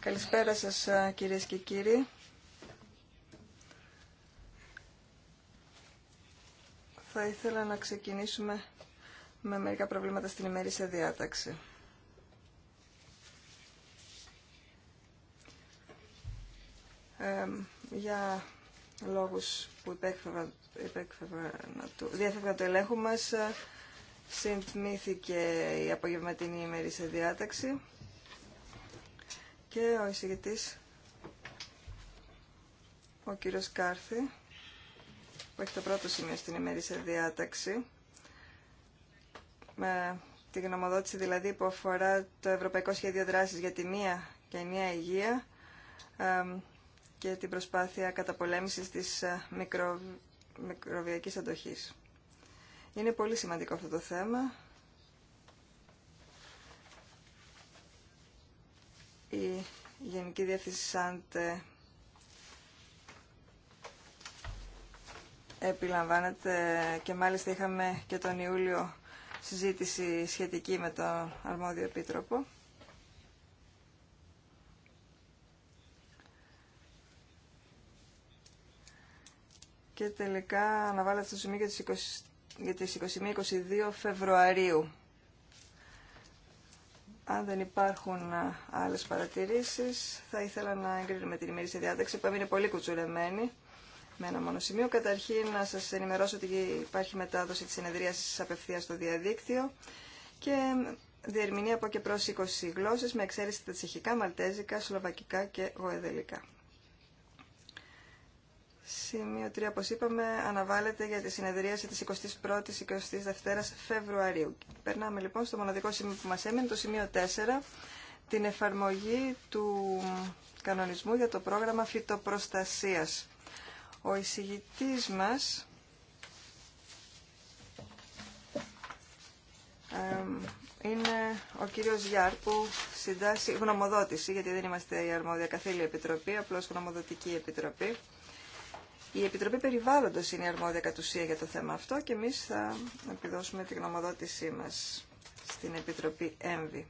Καλησπέρα σας κυρίες και κύριοι. Θα ήθελα να ξεκινήσουμε με μερικά προβλήματα στην ημερήσια διάταξη. για λόγους που υπέκφευγαν, διέφευγαν το ελέγχο μας, ε, συνθμήθηκε η απογευματινή ημερήσια διάταξη και ο εισηγητής ο κύριος Κάρθη που έχει το πρώτο σημείο στην ημερήσια διάταξη με τη γνωμοδότηση δηλαδή που αφορά το Ευρωπαϊκό Σχέδιο Δράσης για τη Μία και Μία Υγεία και την προσπάθεια καταπολέμησης της ε, μικρο... μικροβιακής αντοχής. Είναι πολύ σημαντικό αυτό το θέμα η Γενική Διεύθυνση ΣΑΝΤΕ επιλαμβάνεται και μάλιστα είχαμε και τον Ιούλιο συζήτηση σχετική με τον Αρμόδιο Επίτροπο. Και τελικά αναβάλλεται στο σημείο για τις 21-22 Φεβρουαρίου. Αν δεν υπάρχουν άλλες παρατηρήσεις, θα ήθελα να εγκρίνουμε την ημερήσια διάταξη που έμεινε πολύ κουτσουρεμένη με ένα μόνο σημείο. Καταρχήν να σας ενημερώσω ότι υπάρχει μετάδοση της συνεδρίασης απευθείας στο διαδίκτυο και διερμηνεί από και προς 20 γλώσσες με εξαίρεση τα τσεχικά, μαλτέζικα, σλοβακικά και γοεδελικά. Σημείο 3, όπως είπαμε, αναβάλλεται για τη συνεδρίαση της 21ης 22ης Φεβρουαρίου. Περνάμε λοιπόν στο μοναδικό σημείο που μας έμεινε, το σημείο 4, την εφαρμογή του κανονισμού για το πρόγραμμα φυτοπροστασίας. Ο εισηγητής μας είναι ο κύριος Γιάρ που συντάσσει γνωμοδότηση, γιατί δεν είμαστε η αρμόδια καθήλια επιτροπή, απλώς γνωμοδοτική επιτροπή. Η Επιτροπή Περιβάλλοντος είναι η αρμόδια κατουσία για το θέμα αυτό και εμείς θα επιδώσουμε τη γνωμοδότησή μας στην Επιτροπή ΕΜΒΗ.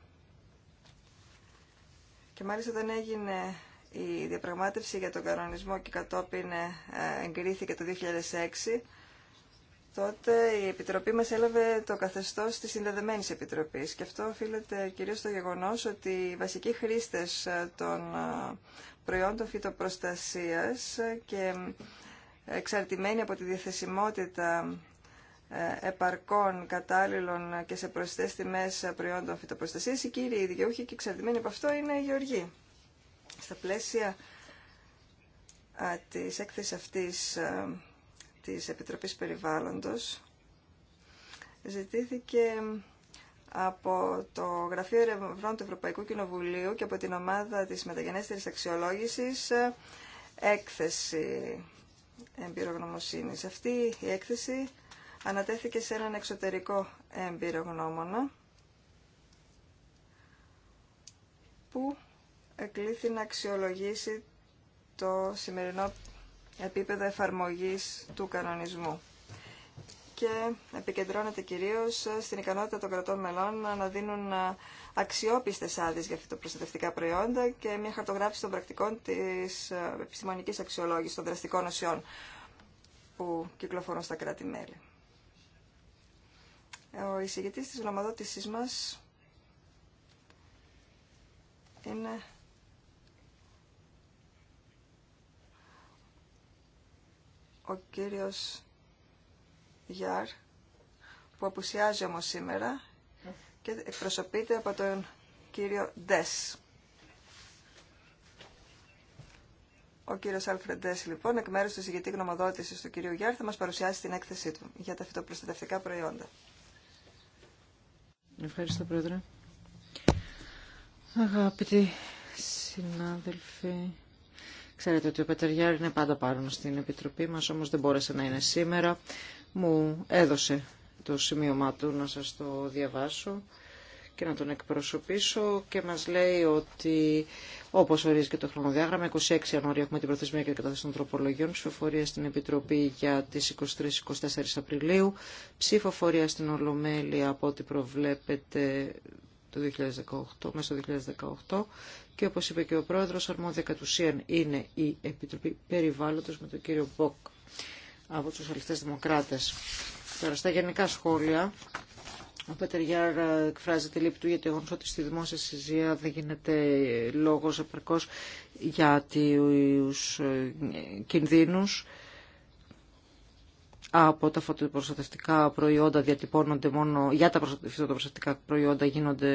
Και μάλιστα όταν έγινε η διαπραγμάτευση για τον κανονισμό και κατόπιν ε, εγκρίθηκε το 2006, τότε η Επιτροπή μας έλαβε το καθεστώς της Συνδεδεμένης Επιτροπής και αυτό οφείλεται κυρίως στο γεγονός ότι οι βασικοί χρήστες ε, των ε, προϊόντων φυτοπροστασίας και εξαρτημένη από τη διαθεσιμότητα ε, επαρκών, κατάλληλων και σε προσιτές τιμές προϊόντων φυτοπροστασίας. Οι κύριοι δικαιούχοι και εξαρτημένοι από αυτό είναι οι γεωργοί. Στα πλαίσια της έκθεσης αυτής ε, της Επιτροπής Περιβάλλοντος ζητήθηκε από το Γραφείο Ερευνών του Ευρωπαϊκού Κοινοβουλίου και από την ομάδα της μεταγενέστερης αξιολόγησης ε, έκθεση εμπειρογνωμοσύνης. Αυτή η έκθεση ανατέθηκε σε έναν εξωτερικό εμπειρογνώμονα που εκλήθη να αξιολογήσει το σημερινό επίπεδο εφαρμογής του κανονισμού και επικεντρώνεται κυρίως στην ικανότητα των κρατών μελών να δίνουν αξιόπιστες άδειες για φυτοπροστατευτικά προϊόντα και μια χαρτογράφηση των πρακτικών της επιστημονικής αξιολόγησης των δραστικών ουσιών που κυκλοφορούν στα κράτη-μέλη. Ο εισηγητής της γνωμοδότησής μας είναι ο κύριος Γιάρ, που απουσιάζει όμως σήμερα και εκπροσωπείται από τον κύριο Ντες. Ο κύριος Αλφρεντές, λοιπόν, εκ μέρους του ηγετή γνωμοδότηση του κυρίου Γιάρ, θα μα παρουσιάσει την έκθεσή του για τα φυτοπροστατευτικά προϊόντα. Ευχαριστώ, Πρόεδρε. Αγαπητοί συνάδελφοι, ξέρετε ότι ο Πατεριάρη είναι πάντα πάνω στην Επιτροπή μας, όμως δεν μπόρεσε να είναι σήμερα μου έδωσε το σημείωμά του να σας το διαβάσω και να τον εκπροσωπήσω και μας λέει ότι όπως ορίζει και το χρονοδιάγραμμα 26 Ιανουαρίου έχουμε την προθεσμία και κατάθεση των τροπολογιών ψηφοφορία στην Επιτροπή για τις 23-24 Απριλίου ψηφοφορία στην Ολομέλεια από ό,τι προβλέπεται το 2018, μέσα στο 2018 και όπως είπε και ο πρόεδρος αρμόδια κατ' ουσίαν είναι η Επιτροπή Περιβάλλοντος με τον κύριο Μποκ από τους σοσιαλιστές δημοκράτες. Τώρα στα γενικά σχόλια, ο Πέτερ Γιάρ ε, εκφράζει τη λύπη του ότι στη δημόσια συζήτηση δεν γίνεται λόγος επαρκώς για τους ε, κινδύνους από τα φωτοπροστατευτικά προϊόντα διατυπώνονται μόνο, για τα φωτοπροστατευτικά προϊόντα γίνονται,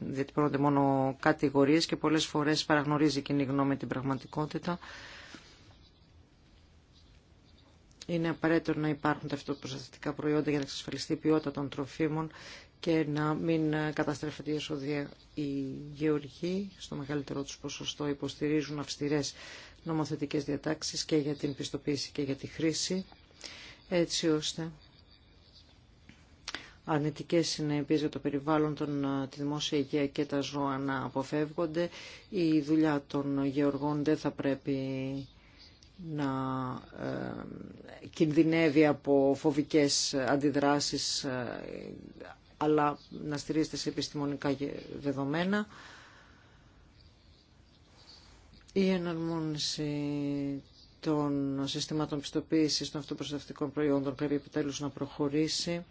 διατυπώνονται μόνο κατηγορίες και πολλές φορές παραγνωρίζει κοινή γνώμη την πραγματικότητα. Είναι απαραίτητο να υπάρχουν ταυτοπροστατευτικά προϊόντα για να εξασφαλιστεί η ποιότητα των τροφίμων και να μην καταστρέφεται η εσόδια. Οι γεωργοί στο μεγαλύτερό του ποσοστό υποστηρίζουν αυστηρέ νομοθετικέ διατάξει και για την πιστοποίηση και για τη χρήση, έτσι ώστε αρνητικέ συνέπειε για το περιβάλλον, τον, τη δημόσια υγεία και τα ζώα να αποφεύγονται. Η δουλειά των γεωργών δεν θα πρέπει να ε, κινδυνεύει από φοβικές αντιδράσεις ε, αλλά να στηρίζεται σε επιστημονικά δεδομένα. Η εναρμόνιση των συστημάτων πιστοποίησης των αυτοπροστατευτικών προϊόντων πρέπει επιτέλους να προχωρήσει.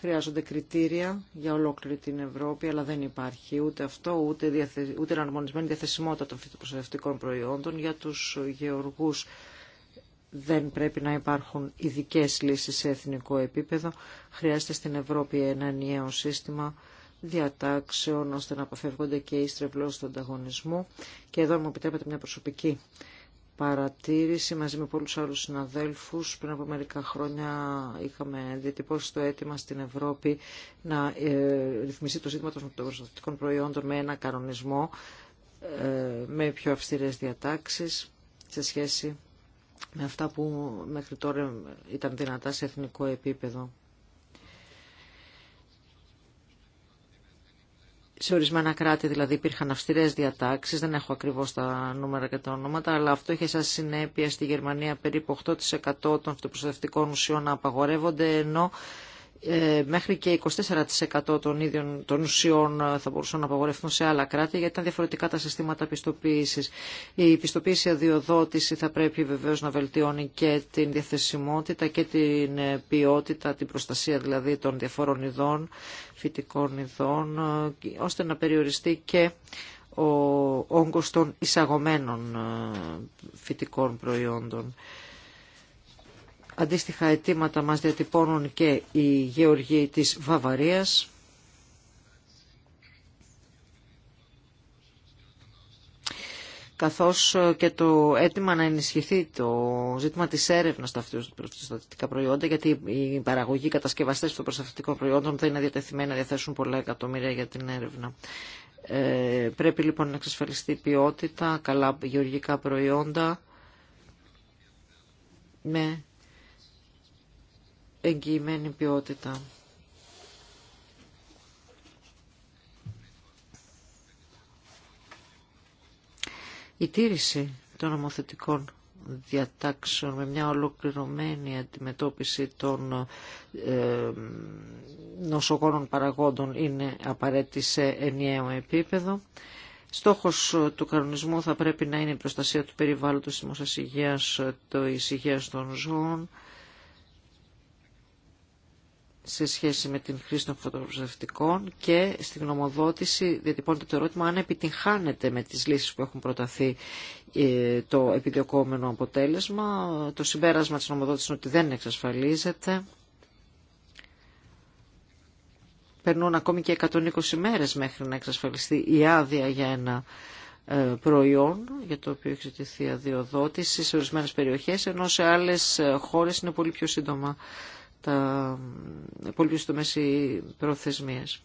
Χρειάζονται κριτήρια για ολόκληρη την Ευρώπη, αλλά δεν υπάρχει ούτε αυτό, ούτε, διαθε... ούτε εναρμονισμένη διαθεσιμότητα των φυτοπροστατευτικών προϊόντων για τους γεωργούς. Δεν πρέπει να υπάρχουν ειδικέ λύσεις σε εθνικό επίπεδο. Χρειάζεται στην Ευρώπη ένα ενιαίο σύστημα διατάξεων ώστε να αποφεύγονται και οι στρεβλώσεις του ανταγωνισμού. Και εδώ μου επιτρέπετε μια προσωπική παρατήρηση μαζί με πολλούς άλλους συναδέλφους. Πριν από μερικά χρόνια είχαμε διατυπώσει το αίτημα στην Ευρώπη να ε, ρυθμιστεί το ζήτημα των προστατευτικών προϊόντων με ένα κανονισμό ε, με πιο αυστηρές διατάξεις σε σχέση με αυτά που μέχρι τώρα ήταν δυνατά σε εθνικό επίπεδο. σε ορισμένα κράτη δηλαδή υπήρχαν αυστηρέ διατάξει, δεν έχω ακριβώ τα νούμερα και τα ονόματα, αλλά αυτό είχε σαν συνέπεια στη Γερμανία περίπου 8% των αυτοπροστατευτικών ουσιών να απαγορεύονται, ενώ ε, μέχρι και 24% των ίδιων των ουσιών ε, θα μπορούσαν να απαγορευτούν σε άλλα κράτη, γιατί ήταν διαφορετικά τα συστήματα πιστοποίηση. Η πιστοποίηση αδειοδότηση θα πρέπει βεβαίω να βελτιώνει και την διαθεσιμότητα και την ε, ποιότητα, την προστασία δηλαδή των διαφόρων ειδών, φυτικών ειδών, ώστε να περιοριστεί και ο όγκος των εισαγωμένων φυτικών προϊόντων. Αντίστοιχα αιτήματα μας διατυπώνουν και οι γεωργοί της Βαβαρίας. καθώς και το αίτημα να ενισχυθεί το ζήτημα της έρευνας στα προστατευτικά προϊόντα, γιατί οι παραγωγοί κατασκευαστές των προστατευτικών προϊόντων δεν είναι διατεθειμένοι να διαθέσουν πολλά εκατομμύρια για την έρευνα. Ε, πρέπει λοιπόν να εξασφαλιστεί ποιότητα, καλά γεωργικά προϊόντα, με εγγυημένη ποιότητα. Η τήρηση των νομοθετικών διατάξεων με μια ολοκληρωμένη αντιμετώπιση των ε, νοσοκόνων παραγόντων είναι απαραίτητη σε ενιαίο επίπεδο. Στόχος του κανονισμού θα πρέπει να είναι η προστασία του περιβάλλοντος, της δημόσιας υγείας, της υγείας των ζώων, σε σχέση με την χρήση των φωτοπροστατευτικών και στην γνωμοδότηση διατυπώνεται το ερώτημα αν επιτυγχάνεται με τις λύσεις που έχουν προταθεί ε, το επιδιωκόμενο αποτέλεσμα. Το συμπέρασμα της γνωμοδότησης είναι ότι δεν εξασφαλίζεται. Περνούν ακόμη και 120 μέρες μέχρι να εξασφαλιστεί η άδεια για ένα ε, προϊόν για το οποίο έχει ζητηθεί αδειοδότηση σε ορισμένες περιοχές, ενώ σε άλλες ε, χώρες είναι πολύ πιο σύντομα τα υπόλοιπες ε, τομέ οι προθεσμίες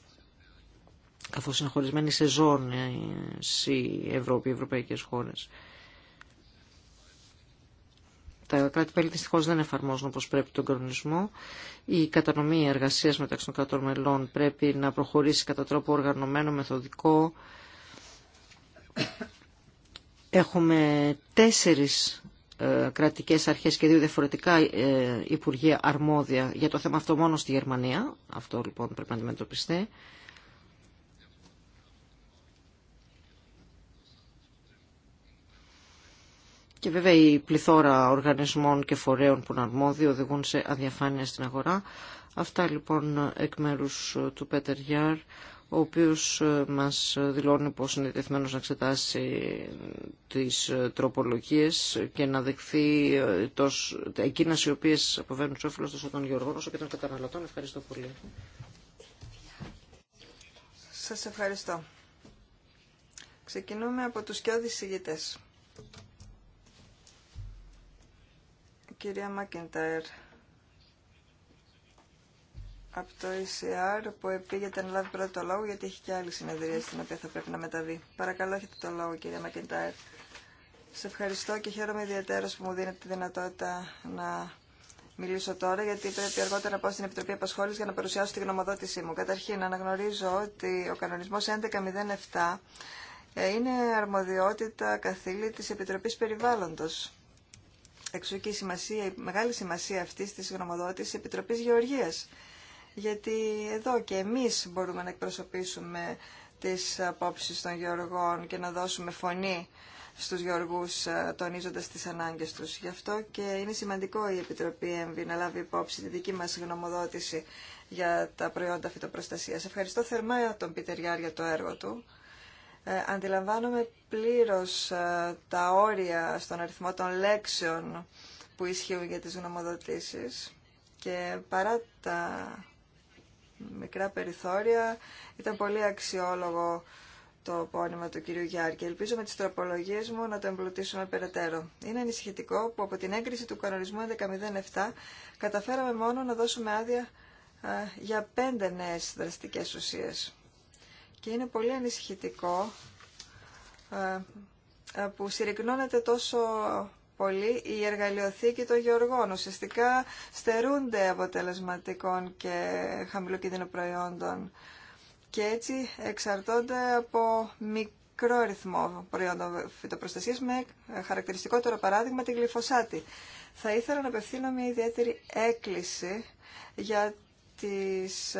καθώς είναι χωρισμένη σε ζώνε Ευρώπη, οι ευρωπαϊκές χώρες. Τα κράτη-μέλη δυστυχώ δεν εφαρμόζουν όπω πρέπει τον κανονισμό. Η κατανομή εργασία μεταξύ των κρατών μελών πρέπει να προχωρήσει κατά τρόπο οργανωμένο, μεθοδικό. Έχουμε τέσσερις ε, κρατικές αρχές και δύο διαφορετικά ε, υπουργεία αρμόδια για το θέμα αυτό μόνο στη Γερμανία. Αυτό λοιπόν πρέπει να αντιμετωπιστεί. Και βέβαια η πληθώρα οργανισμών και φορέων που είναι αρμόδιοι οδηγούν σε αδιαφάνεια στην αγορά. Αυτά λοιπόν εκ μέρους του Πέτερ Γιάρ ο οποίος ε, μας δηλώνει πως είναι τεθμένος να εξετάσει τις ε, τροπολογίες και να δεχθεί ε, τόσ, εκείνες οι οποίες αποβαίνουν σε όφελος τόσο των γεωργών όσο και των καταναλωτών. Ευχαριστώ πολύ. Σας ευχαριστώ. Ξεκινούμε από τους και ηγητές. Κυρία Μακεντάερ, από το ECR που επήγεται να λάβει πρώτα το λόγο γιατί έχει και άλλη συνεδρία στην οποία θα πρέπει να μεταβεί. Παρακαλώ έχετε το λόγο κυρία Μακεντάιρ. Σε ευχαριστώ και χαίρομαι ιδιαίτερα που μου δίνετε τη δυνατότητα να μιλήσω τώρα γιατί πρέπει αργότερα να πάω στην Επιτροπή Απασχόληση για να παρουσιάσω τη γνωμοδότησή μου. Καταρχήν αναγνωρίζω ότι ο κανονισμό 1107 ε, είναι αρμοδιότητα καθήλη τη επιτροπή περιβάλλοντο, Εξού και η, σημασία, η μεγάλη σημασία αυτή τη γνωμοδότησης Επιτροπής Γεωργίας γιατί εδώ και εμείς μπορούμε να εκπροσωπήσουμε τις απόψεις των γεωργών και να δώσουμε φωνή στους γεωργούς ε, τονίζοντας τις ανάγκες τους. Γι' αυτό και είναι σημαντικό η Επιτροπή ΕΜΒΗ να λάβει υπόψη τη δική μας γνωμοδότηση για τα προϊόντα φυτοπροστασίας. Ευχαριστώ θερμά τον Πίτερ για το έργο του. Ε, αντιλαμβάνομαι πλήρως ε, τα όρια στον αριθμό των λέξεων που ισχύουν για τις γνωμοδοτήσεις και παρά τα μικρά περιθώρια. Ήταν πολύ αξιόλογο το πόνημα του κυρίου γιάρκη. και ελπίζω με τις τροπολογίες μου να το εμπλουτίσουμε περαιτέρω. Είναι ανησυχητικό που από την έγκριση του κανονισμού 1107 καταφέραμε μόνο να δώσουμε άδεια για πέντε νέες δραστικές ουσίε. Και είναι πολύ ανησυχητικό που συρρυκνώνεται τόσο πολύ η εργαλειοθήκη των γεωργών. Ουσιαστικά στερούνται αποτελεσματικών και χαμηλοκίνδυνων προϊόντων και έτσι εξαρτώνται από μικρό ρυθμό προϊόντων φυτοπροστασίας με χαρακτηριστικότερο παράδειγμα τη γλυφοσάτη. Θα ήθελα να απευθύνω μια ιδιαίτερη έκκληση για τις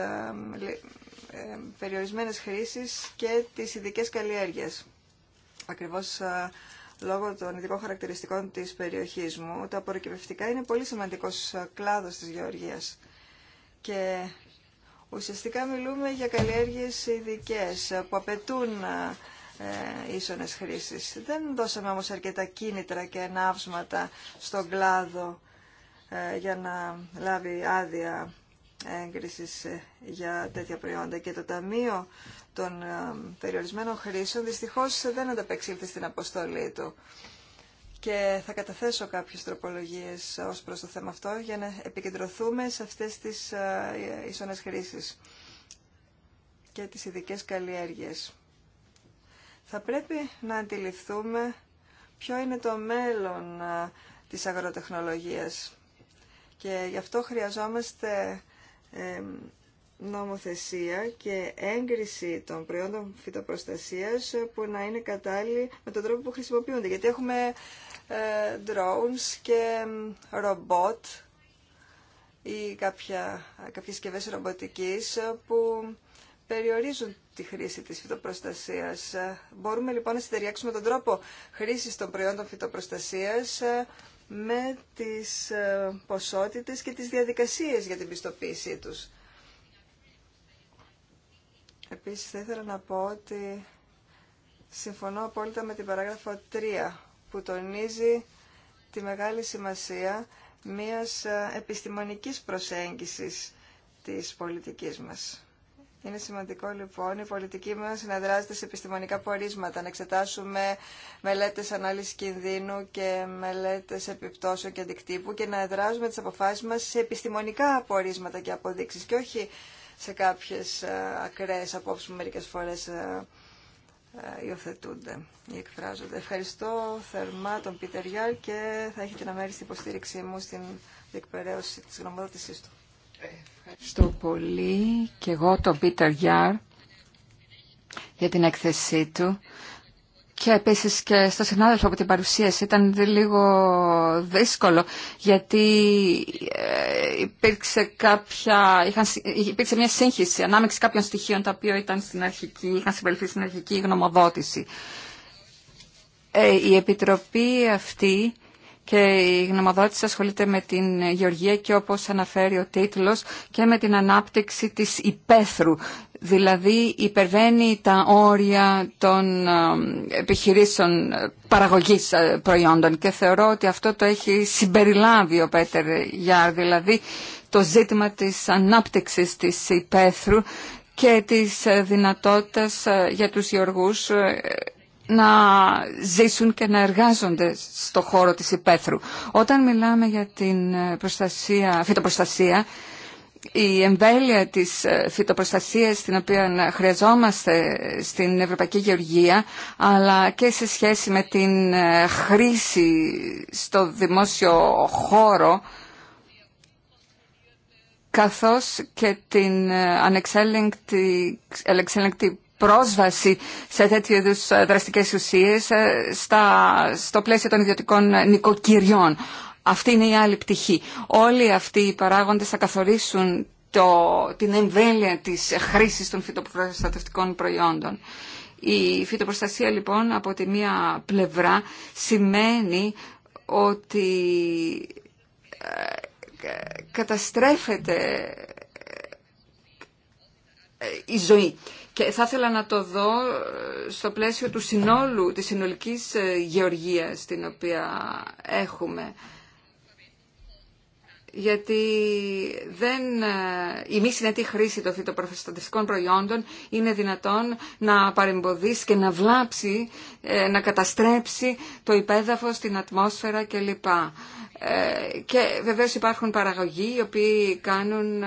περιορισμένες χρήσεις και τις ειδικές καλλιέργειες. Ακριβώς ε, λόγω των ειδικών χαρακτηριστικών της περιοχής μου, τα απορροκυπευτικά είναι πολύ σημαντικός κλάδος της γεωργίας. Και ουσιαστικά μιλούμε για καλλιέργειες ειδικέ που απαιτούν ε, ίσονες χρήσεις. Δεν δώσαμε όμως αρκετά κίνητρα και ενάυσματα στον κλάδο ε, για να λάβει άδεια έγκρισης ε, για τέτοια προϊόντα και το Ταμείο των ε, Περιορισμένων Χρήσεων δυστυχώς δεν ανταπεξήλθε στην αποστολή του. Και θα καταθέσω κάποιες τροπολογίες ως προς το θέμα αυτό για να επικεντρωθούμε σε αυτές τις ισονές ε, χρήσεις και τις ειδικέ καλλιέργειες. Θα πρέπει να αντιληφθούμε ποιο είναι το μέλλον της αγροτεχνολογίας. Και γι' αυτό χρειαζόμαστε νομοθεσία και έγκριση των προϊόντων φυτοπροστασίας που να είναι κατάλληλοι με τον τρόπο που χρησιμοποιούνται. Γιατί έχουμε ε, drones και ρομπότ ή κάποια, κάποιες συσκευέ ρομποτικής που περιορίζουν τη χρήση της φυτοπροστασίας. Μπορούμε λοιπόν να συντεριάξουμε τον τρόπο χρήσης των προϊόντων φυτοπροστασίας με τις ε, ποσότητες και τις διαδικασίες για την πιστοποίησή τους. Επίσης θα ήθελα να πω ότι συμφωνώ απόλυτα με την παράγραφο 3 που τονίζει τη μεγάλη σημασία μιας ε, επιστημονικής προσέγγισης της πολιτικής μας. Είναι σημαντικό λοιπόν η πολιτική μας να δράζεται σε επιστημονικά πορίσματα, να εξετάσουμε μελέτες ανάλυσης κινδύνου και μελέτες επιπτώσεων και αντικτύπου και να εδράζουμε τις αποφάσεις μας σε επιστημονικά πορίσματα και αποδείξεις και όχι σε κάποιες ε, ακραίες απόψεις που μερικές φορές ε, ε, υιοθετούνται ή εκφράζονται. Ευχαριστώ θερμά τον Πίτερ Γιάρ και θα έχετε να την στην υποστήριξή μου στην διεκπαιρέωση της γνωμοδότησής του. Ευχαριστώ πολύ και εγώ τον Πίτερ Γιάρ για την έκθεσή του. Και επίσης και στο συνάδελφο από την παρουσίαση ήταν λίγο δύσκολο γιατί ε, υπήρξε, κάποια, είχαν, υπήρξε μια σύγχυση ανάμεξη κάποιων στοιχείων τα οποία ήταν στην αρχική, είχαν συμπεριληφθεί στην αρχική γνωμοδότηση. Ε, η Επιτροπή αυτή και η γνωμοδότηση ασχολείται με την γεωργία και όπως αναφέρει ο τίτλος και με την ανάπτυξη της υπαίθρου. Δηλαδή υπερβαίνει τα όρια των ε, επιχειρήσεων ε, παραγωγής ε, προϊόντων και θεωρώ ότι αυτό το έχει συμπεριλάβει ο Πέτερ Γιάρ, δηλαδή το ζήτημα της ανάπτυξης της υπαίθρου και της δυνατότητας για τους γεωργούς να ζήσουν και να εργάζονται στο χώρο της υπαίθρου. Όταν μιλάμε για την ε, φυτοπροστασία, η εμβέλεια της ε, φυτοπροστασίας την οποία χρειαζόμαστε στην Ευρωπαϊκή Γεωργία αλλά και σε σχέση με την ε, χρήση στο δημόσιο χώρο καθώς και την ανεξέλεγκτη πρόσβαση σε τέτοιου είδου ε, δραστικές ουσίες ε, στο πλαίσιο των ιδιωτικών ε, νοικοκυριών. Αυτή είναι η άλλη πτυχή. Όλοι αυτοί οι παράγοντε θα καθορίσουν το, την εμβέλεια τη χρήση των φυτοπροστατευτικών προϊόντων. Η φυτοπροστασία λοιπόν από τη μία πλευρά σημαίνει ότι καταστρέφεται η ζωή. Και θα ήθελα να το δω ε, στο πλαίσιο του συνόλου, της συνολικής ε, γεωργίας την οποία έχουμε. Γιατί δεν, ε, η μη συνετή χρήση των φυτοπροστατευτικών προϊόντων είναι δυνατόν να παρεμποδίσει και να βλάψει, να καταστρέψει το υπέδαφος, την ατμόσφαιρα κλπ. Ε, και βεβαίως υπάρχουν παραγωγοί οι οποίοι κάνουν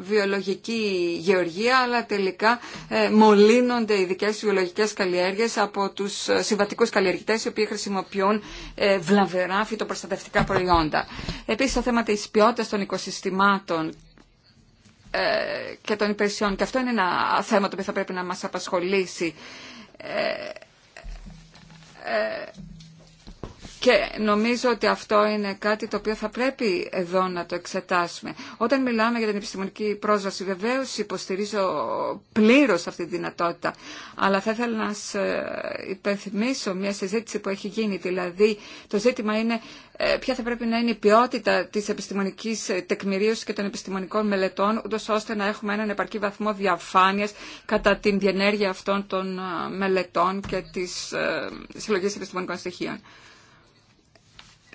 βιολογική γεωργία αλλά τελικά ε, μολύνονται οι δικές βιολογικές καλλιέργειες από τους ε, συμβατικούς καλλιεργητές οι οποίοι χρησιμοποιούν βλαβερά φυτοπροστατευτικά προϊόντα. Επίσης το θέμα της ποιότητας των οικοσυστημάτων και των υπηρεσιών και αυτό είναι ένα θέμα το οποίο θα πρέπει να μας απασχολήσει και νομίζω ότι αυτό είναι κάτι το οποίο θα πρέπει εδώ να το εξετάσουμε. Όταν μιλάμε για την επιστημονική πρόσβαση, βεβαίω υποστηρίζω πλήρω αυτή τη δυνατότητα. Αλλά θα ήθελα να σα υπενθυμίσω μια συζήτηση που έχει γίνει. Δηλαδή, το ζήτημα είναι ε, ποια θα πρέπει να είναι η ποιότητα τη επιστημονική τεκμηρίωση και των επιστημονικών μελετών, ούτω ώστε να έχουμε έναν επαρκή βαθμό διαφάνεια κατά την διενέργεια αυτών των ε, μελετών και τη ε, συλλογή επιστημονικών στοιχείων.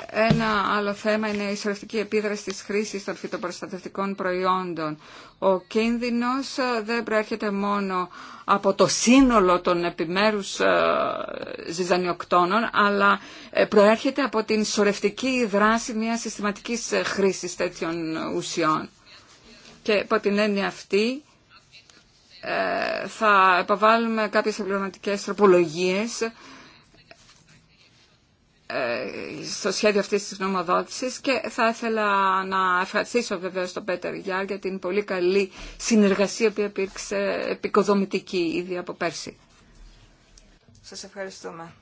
Ένα άλλο θέμα είναι η σωρευτική επίδραση της χρήσης των φυτοπροστατευτικών προϊόντων. Ο κίνδυνος ε, δεν προέρχεται μόνο από το σύνολο των επιμέρους ε, ζυζανιοκτώνων, αλλά ε, προέρχεται από την σωρευτική δράση μιας συστηματικής χρήσης τέτοιων ουσιών. Και από την έννοια αυτή θα επαβάλουμε κάποιες εμπληρωματικές τροπολογίες στο σχέδιο αυτής της νομοδότησης και θα ήθελα να ευχαριστήσω βεβαίω τον Πέτερ Γιάρ για την πολύ καλή συνεργασία που υπήρξε επικοδομητική ήδη από πέρσι. Σας ευχαριστούμε.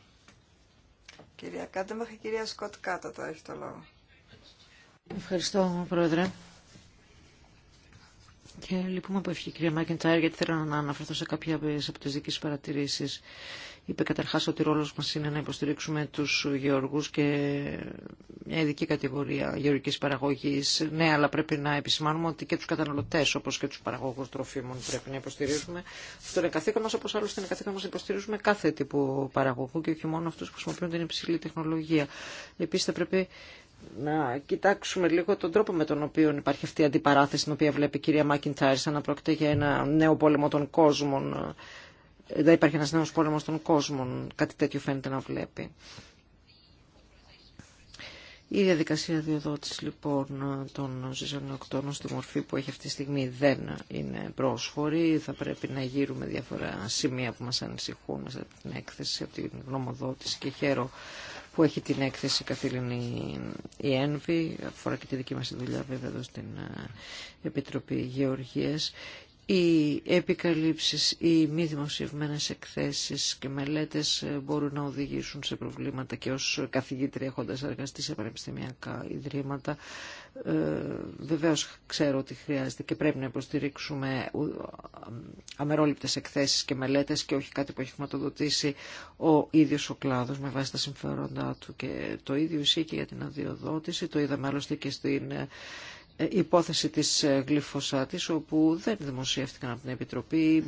Κυρία Κάντεμαχ, η κυρία Σκοτ Κάτω έχει το λόγο. Ευχαριστώ, Πρόεδρε. Και λυπούμε που έφυγε η κυρία Μάκεντάρ, γιατί θέλω να αναφερθώ σε κάποια από τις δικές παρατηρήσεις είπε καταρχάς ότι ρόλο μα είναι να υποστηρίξουμε του γεωργού και μια ειδική κατηγορία γεωργικής παραγωγή. Ναι, αλλά πρέπει να επισημάνουμε ότι και του καταναλωτέ, όπω και τους παραγωγούς τροφίμων πρέπει να υποστηρίζουμε. Αυτό είναι καθήκον μας, όπως άλλωστε είναι καθήκον μας να υποστηρίζουμε κάθε τύπο παραγωγού και όχι μόνο αυτούς που χρησιμοποιούν την υψηλή τεχνολογία. Επίση θα πρέπει να κοιτάξουμε λίγο τον τρόπο με τον οποίο υπάρχει αυτή η αντιπαράθεση την οποία βλέπει η κυρία Μάκιντάρ να πρόκειται για ένα νέο πόλεμο των κόσμων δεν υπάρχει ένας νέος πόλεμος των κόσμων, κάτι τέτοιο φαίνεται να βλέπει. Η διαδικασία διοδότης λοιπόν των ζυζανοκτώνων στη μορφή που έχει αυτή τη στιγμή δεν είναι πρόσφορη. Θα πρέπει να γύρουμε διάφορα σημεία που μας ανησυχούν μέσα από την έκθεση, από την γνωμοδότηση και χαίρο που έχει την έκθεση καθήλυνη η ΕΝΒΗ, αφορά και τη δική μας δουλειά βέβαια εδώ στην ε, Επιτροπή Γεωργίας οι επικαλύψεις, οι μη δημοσιευμένες εκθέσεις και μελέτες ε, μπορούν να οδηγήσουν σε προβλήματα και ως καθηγήτρια έχοντας εργαστεί σε πανεπιστημιακά ιδρύματα. Ε, βεβαίως ξέρω ότι χρειάζεται και πρέπει να υποστηρίξουμε αμερόληπτες εκθέσεις και μελέτες και όχι κάτι που έχει χρηματοδοτήσει ο ίδιος ο κλάδος με βάση τα συμφέροντά του και το ίδιο ισχύει και για την αδειοδότηση. Το είδαμε άλλωστε και στην ε, υπόθεση της ε, γλυφωσάτης όπου δεν δημοσιεύτηκαν από την Επιτροπή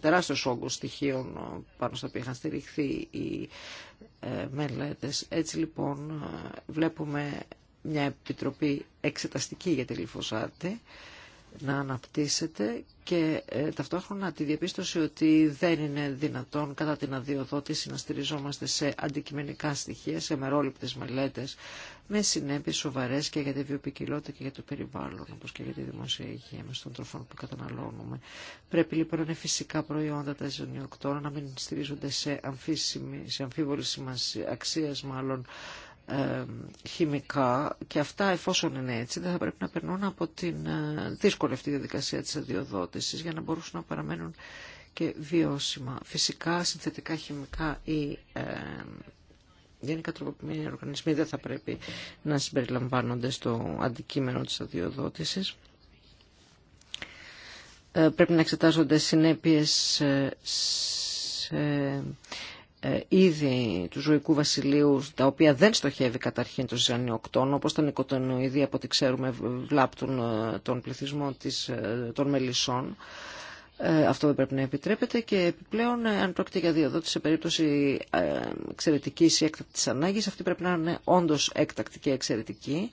τεράστιος όγκος στοιχείων ε, πάνω στα οποία είχαν στηριχθεί οι ε, μελέτες. Έτσι λοιπόν βλέπουμε μια Επιτροπή εξεταστική για τη γλυφωσάτη να αναπτύσσεται και ε, ταυτόχρονα τη διαπίστωση ότι δεν είναι δυνατόν κατά την αδειοδότηση να στηριζόμαστε σε αντικειμενικά στοιχεία, σε μερόληπτες μελέτες, με συνέπειες σοβαρές και για τη βιοπικιλότητα και για το περιβάλλον, όπως και για τη δημόσια υγεία μες των τροφών που καταναλώνουμε. Πρέπει λοιπόν να είναι φυσικά προϊόντα τα ζωνιοκτώνα να μην στηρίζονται σε, σε αμφίβολη σημασία, αξίας μάλλον ε, χημικά και αυτά εφόσον είναι έτσι δεν θα πρέπει να περνούν από την ε, δύσκολη αυτή διαδικασία της αδειοδότησης για να μπορούσαν να παραμένουν και βιώσιμα. Φυσικά συνθετικά χημικά ή ε, γενικά τροποποιημένοι οργανισμοί δεν θα πρέπει να συμπεριλαμβάνονται στο αντικείμενο της αδειοδότησης. Ε, πρέπει να εξετάζονται συνέπειες σε ε, είδη του ζωικού βασιλείου, τα οποία δεν στοχεύει καταρχήν το Ζανιοκτών όπως τα νοικοτονοειδή, από ό,τι ξέρουμε βλάπτουν ε, τον πληθυσμό της, ε, των μελισσών. Αυτό δεν πρέπει να επιτρέπεται και επιπλέον, αν πρόκειται για διαδότη σε περίπτωση εξαιρετική ή έκτακτη ανάγκη, αυτή πρέπει να είναι όντω έκτακτη και εξαιρετική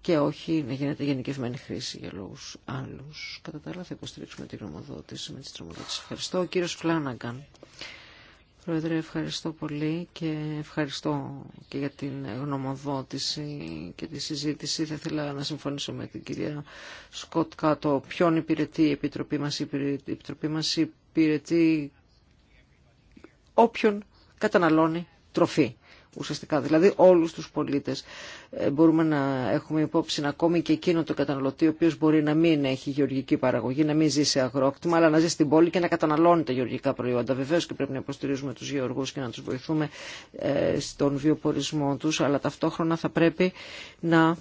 και όχι να γίνεται γενικευμένη χρήση για λόγου άλλου. Κατά τα άλλα, θα υποστηρίξουμε τη γνωμοδότηση με τι τρομοδότησει. Ευχαριστώ. Ο κύριο Φλάναγκαν. Πρόεδρε, ευχαριστώ πολύ και ευχαριστώ και για την γνωμοδότηση και τη συζήτηση. Θα ήθελα να συμφωνήσω με την κυρία Σκοτ το Ποιον υπηρετεί η Επιτροπή μας, η Επιτροπή μας υπηρετεί όποιον καταναλώνει τροφή ουσιαστικά δηλαδή όλους τους πολίτες. Ε, μπορούμε να έχουμε υπόψη ακόμη και εκείνο το καταναλωτή ο οποίος μπορεί να μην έχει γεωργική παραγωγή, να μην ζει σε αγρόκτημα, αλλά να ζει στην πόλη και να καταναλώνει τα γεωργικά προϊόντα. Βεβαίω και πρέπει να υποστηρίζουμε τους γεωργούς και να τους βοηθούμε ε, στον βιοπορισμό του, αλλά ταυτόχρονα θα πρέπει να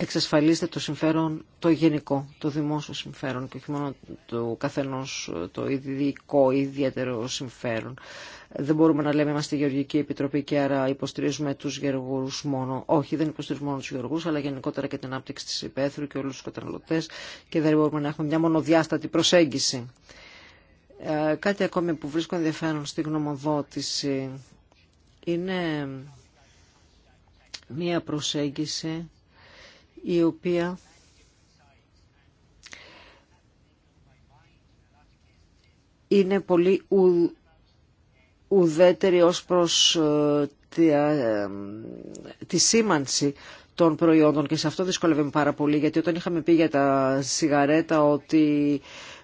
Εξασφαλίστε το συμφέρον το γενικό, το δημόσιο συμφέρον και όχι μόνο το καθενός το ειδικό, ιδιαίτερο συμφέρον. Δεν μπορούμε να λέμε είμαστε Γεωργική Επιτροπή και άρα υποστηρίζουμε τους γεωργούς μόνο. Όχι, δεν υποστηρίζουμε μόνο τους γεωργούς, αλλά γενικότερα και την ανάπτυξη της υπαίθρου και όλους τους καταναλωτές και δεν μπορούμε να έχουμε μια μονοδιάστατη προσέγγιση. Ε, κάτι ακόμη που βρίσκω ενδιαφέρον στη γνωμοδότηση είναι μια προσέγγιση η οποία είναι πολύ ουδέτερη ως προς ε, ε, τη σήμανση των προϊόντων και σε αυτό δυσκολεύομαι πάρα πολύ γιατί όταν είχαμε πει για τα σιγαρέτα ότι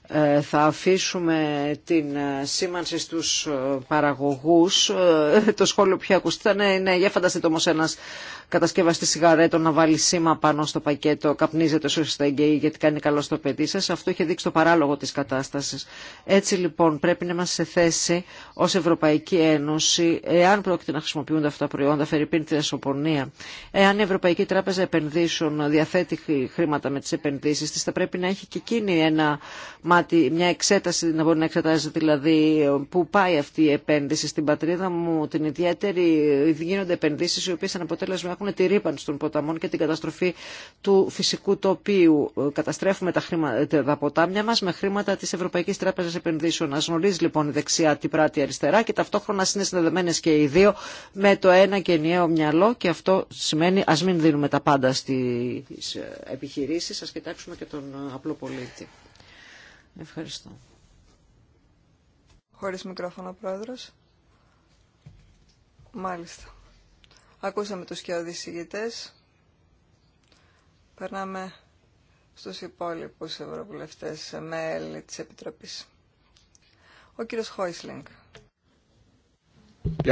ε, θα αφήσουμε την σήμανση στους παραγωγούς το σχόλιο που είχε ακουστεί ναι, ναι, για φανταστείτε όμως ένας κατασκευαστή σιγαρέτων να βάλει σήμα πάνω στο πακέτο καπνίζεται όσο είστε γκέι γιατί κάνει καλό στο παιδί σα, Αυτό έχει δείξει το παράλογο τη κατάσταση. Έτσι λοιπόν πρέπει να είμαστε σε θέση ω Ευρωπαϊκή Ένωση, εάν πρόκειται να χρησιμοποιούνται αυτά τα προϊόντα, φερειπίν την εσωπονία, εάν η Ευρωπαϊκή Τράπεζα Επενδύσεων διαθέτει χρήματα με τι επενδύσει, τη, θα πρέπει να έχει και εκείνη ένα μάτι, μια εξέταση, να μπορεί να εξετάζει δηλαδή πού πάει αυτή η επένδυση στην πατρίδα μου, την ιδιαίτερη, γίνονται επενδύσει, οι οποίε αν αποτέλεσμα έχουν έχουν τη ρήπανση των ποταμών και την καταστροφή του φυσικού τοπίου. Ε, καταστρέφουμε τα, χρήματα, ε, ποτάμια μας με χρήματα της Ευρωπαϊκής Τράπεζας Επενδύσεων. Ας γνωρίζει λοιπόν η δεξιά την πράτη αριστερά και ταυτόχρονα είναι συνδεδεμένες και οι δύο με το ένα και ενιαίο μυαλό και αυτό σημαίνει α μην δίνουμε τα πάντα στι ε, επιχειρήσει. ας κοιτάξουμε και τον απλό πολίτη. Ευχαριστώ. Χωρίς μικρόφωνο, Πρόεδρος. Μάλιστα. Ακούσαμε τους και ηγητές. Περνάμε στους υπόλοιπους ευρωβουλευτές μέλη της Επιτροπής. Ο κύριος Χόισλινγκ.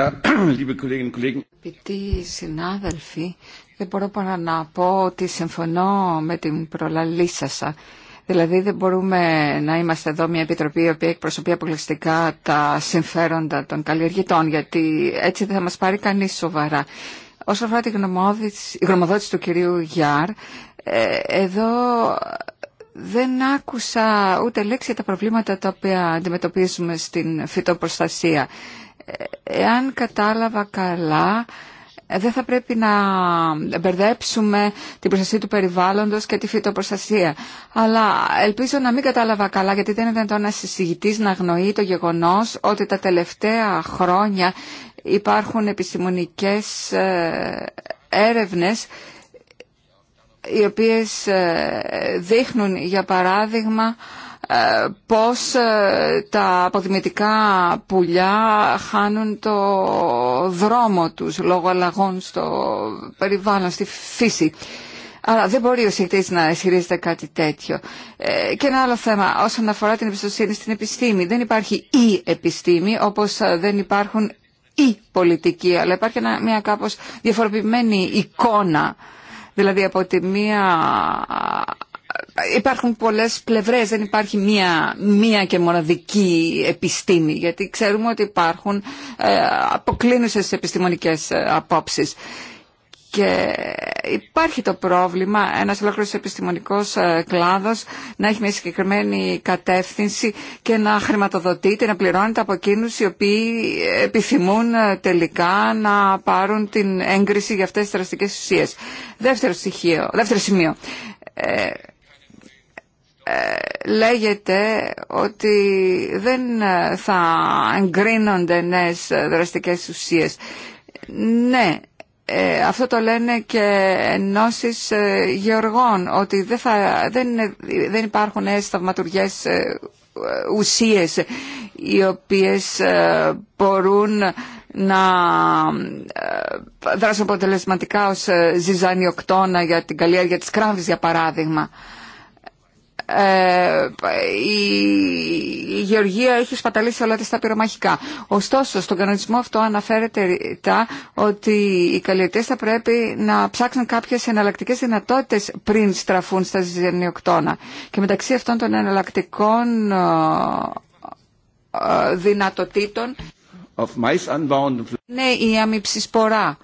Αγαπητοί συνάδελφοι, δεν μπορώ παρά να πω ότι συμφωνώ με την προλαλήσασα. Δηλαδή δεν μπορούμε να είμαστε εδώ μια επιτροπή η οποία εκπροσωπεί αποκλειστικά τα συμφέροντα των καλλιεργητών γιατί έτσι δεν θα μας πάρει κανείς σοβαρά. Όσον αφορά τη η γνωμοδότηση του κυρίου Γιάρ, ε, εδώ δεν άκουσα ούτε λέξη για τα προβλήματα τα οποία αντιμετωπίζουμε στην φυτοπροστασία. Ε, εάν κατάλαβα καλά, ε, δεν θα πρέπει να μπερδέψουμε την προστασία του περιβάλλοντος και τη φυτοπροστασία. Αλλά ελπίζω να μην κατάλαβα καλά, γιατί δεν ήταν τώρα ένας συζητητής να γνωρεί το γεγονός ότι τα τελευταία χρόνια Υπάρχουν επιστημονικές ε, έρευνες οι οποίες ε, δείχνουν για παράδειγμα ε, πως τα αποδημητικά πουλιά χάνουν το δρόμο τους λόγω αλλαγών στο περιβάλλον, στη φύση. Αλλά δεν μπορεί ο συγκτής να ισχυρίζεται κάτι τέτοιο. και ένα άλλο θέμα όσον αφορά την εμπιστοσύνη στην επιστήμη. Δεν υπάρχει η επιστήμη όπως δεν υπάρχουν η πολιτική, αλλά υπάρχει μια κάπως διαφοροποιημένη εικόνα. Δηλαδή από τη μία υπάρχουν πολλές πλευρές, δεν υπάρχει μία, μία και μοναδική επιστήμη, γιατί ξέρουμε ότι υπάρχουν ε, αποκλίνουσες επιστημονικές ε, απόψεις. Και υπάρχει το πρόβλημα ένας ολόκληρος επιστημονικός ε, κλάδος να έχει μια συγκεκριμένη κατεύθυνση και να χρηματοδοτείται, να πληρώνεται από εκείνους οι οποίοι επιθυμούν ε, τελικά να πάρουν την έγκριση για αυτές τις δραστικές ουσίες. Δεύτερο, δεύτερο σημείο. Ε, λέγεται ότι δεν θα εγκρίνονται νέες δραστικές ουσίες. Ναι, ε, αυτό το λένε και ενώσεις ε, γεωργών, ότι δεν, δεν, δεν υπάρχουν νέες θαυματουργές ε, ε ουσίες οι οποίες ε, μπορούν να δράσουν αποτελεσματικά ως ζυζανιοκτώνα για την καλλιέργεια της κράμβης για παράδειγμα. Ε, η Γεωργία έχει σπαταλήσει όλα τα πυρομαχικά. Ωστόσο, στον κανονισμό αυτό αναφέρεται ότι οι καλλιεργητέ θα πρέπει να ψάξουν κάποιες εναλλακτικέ δυνατότητε πριν στραφούν στα ζυζανιοκτώνα. Και μεταξύ αυτών των εναλλακτικών ε, ε, δυνατοτήτων είναι η αμυψισπορά.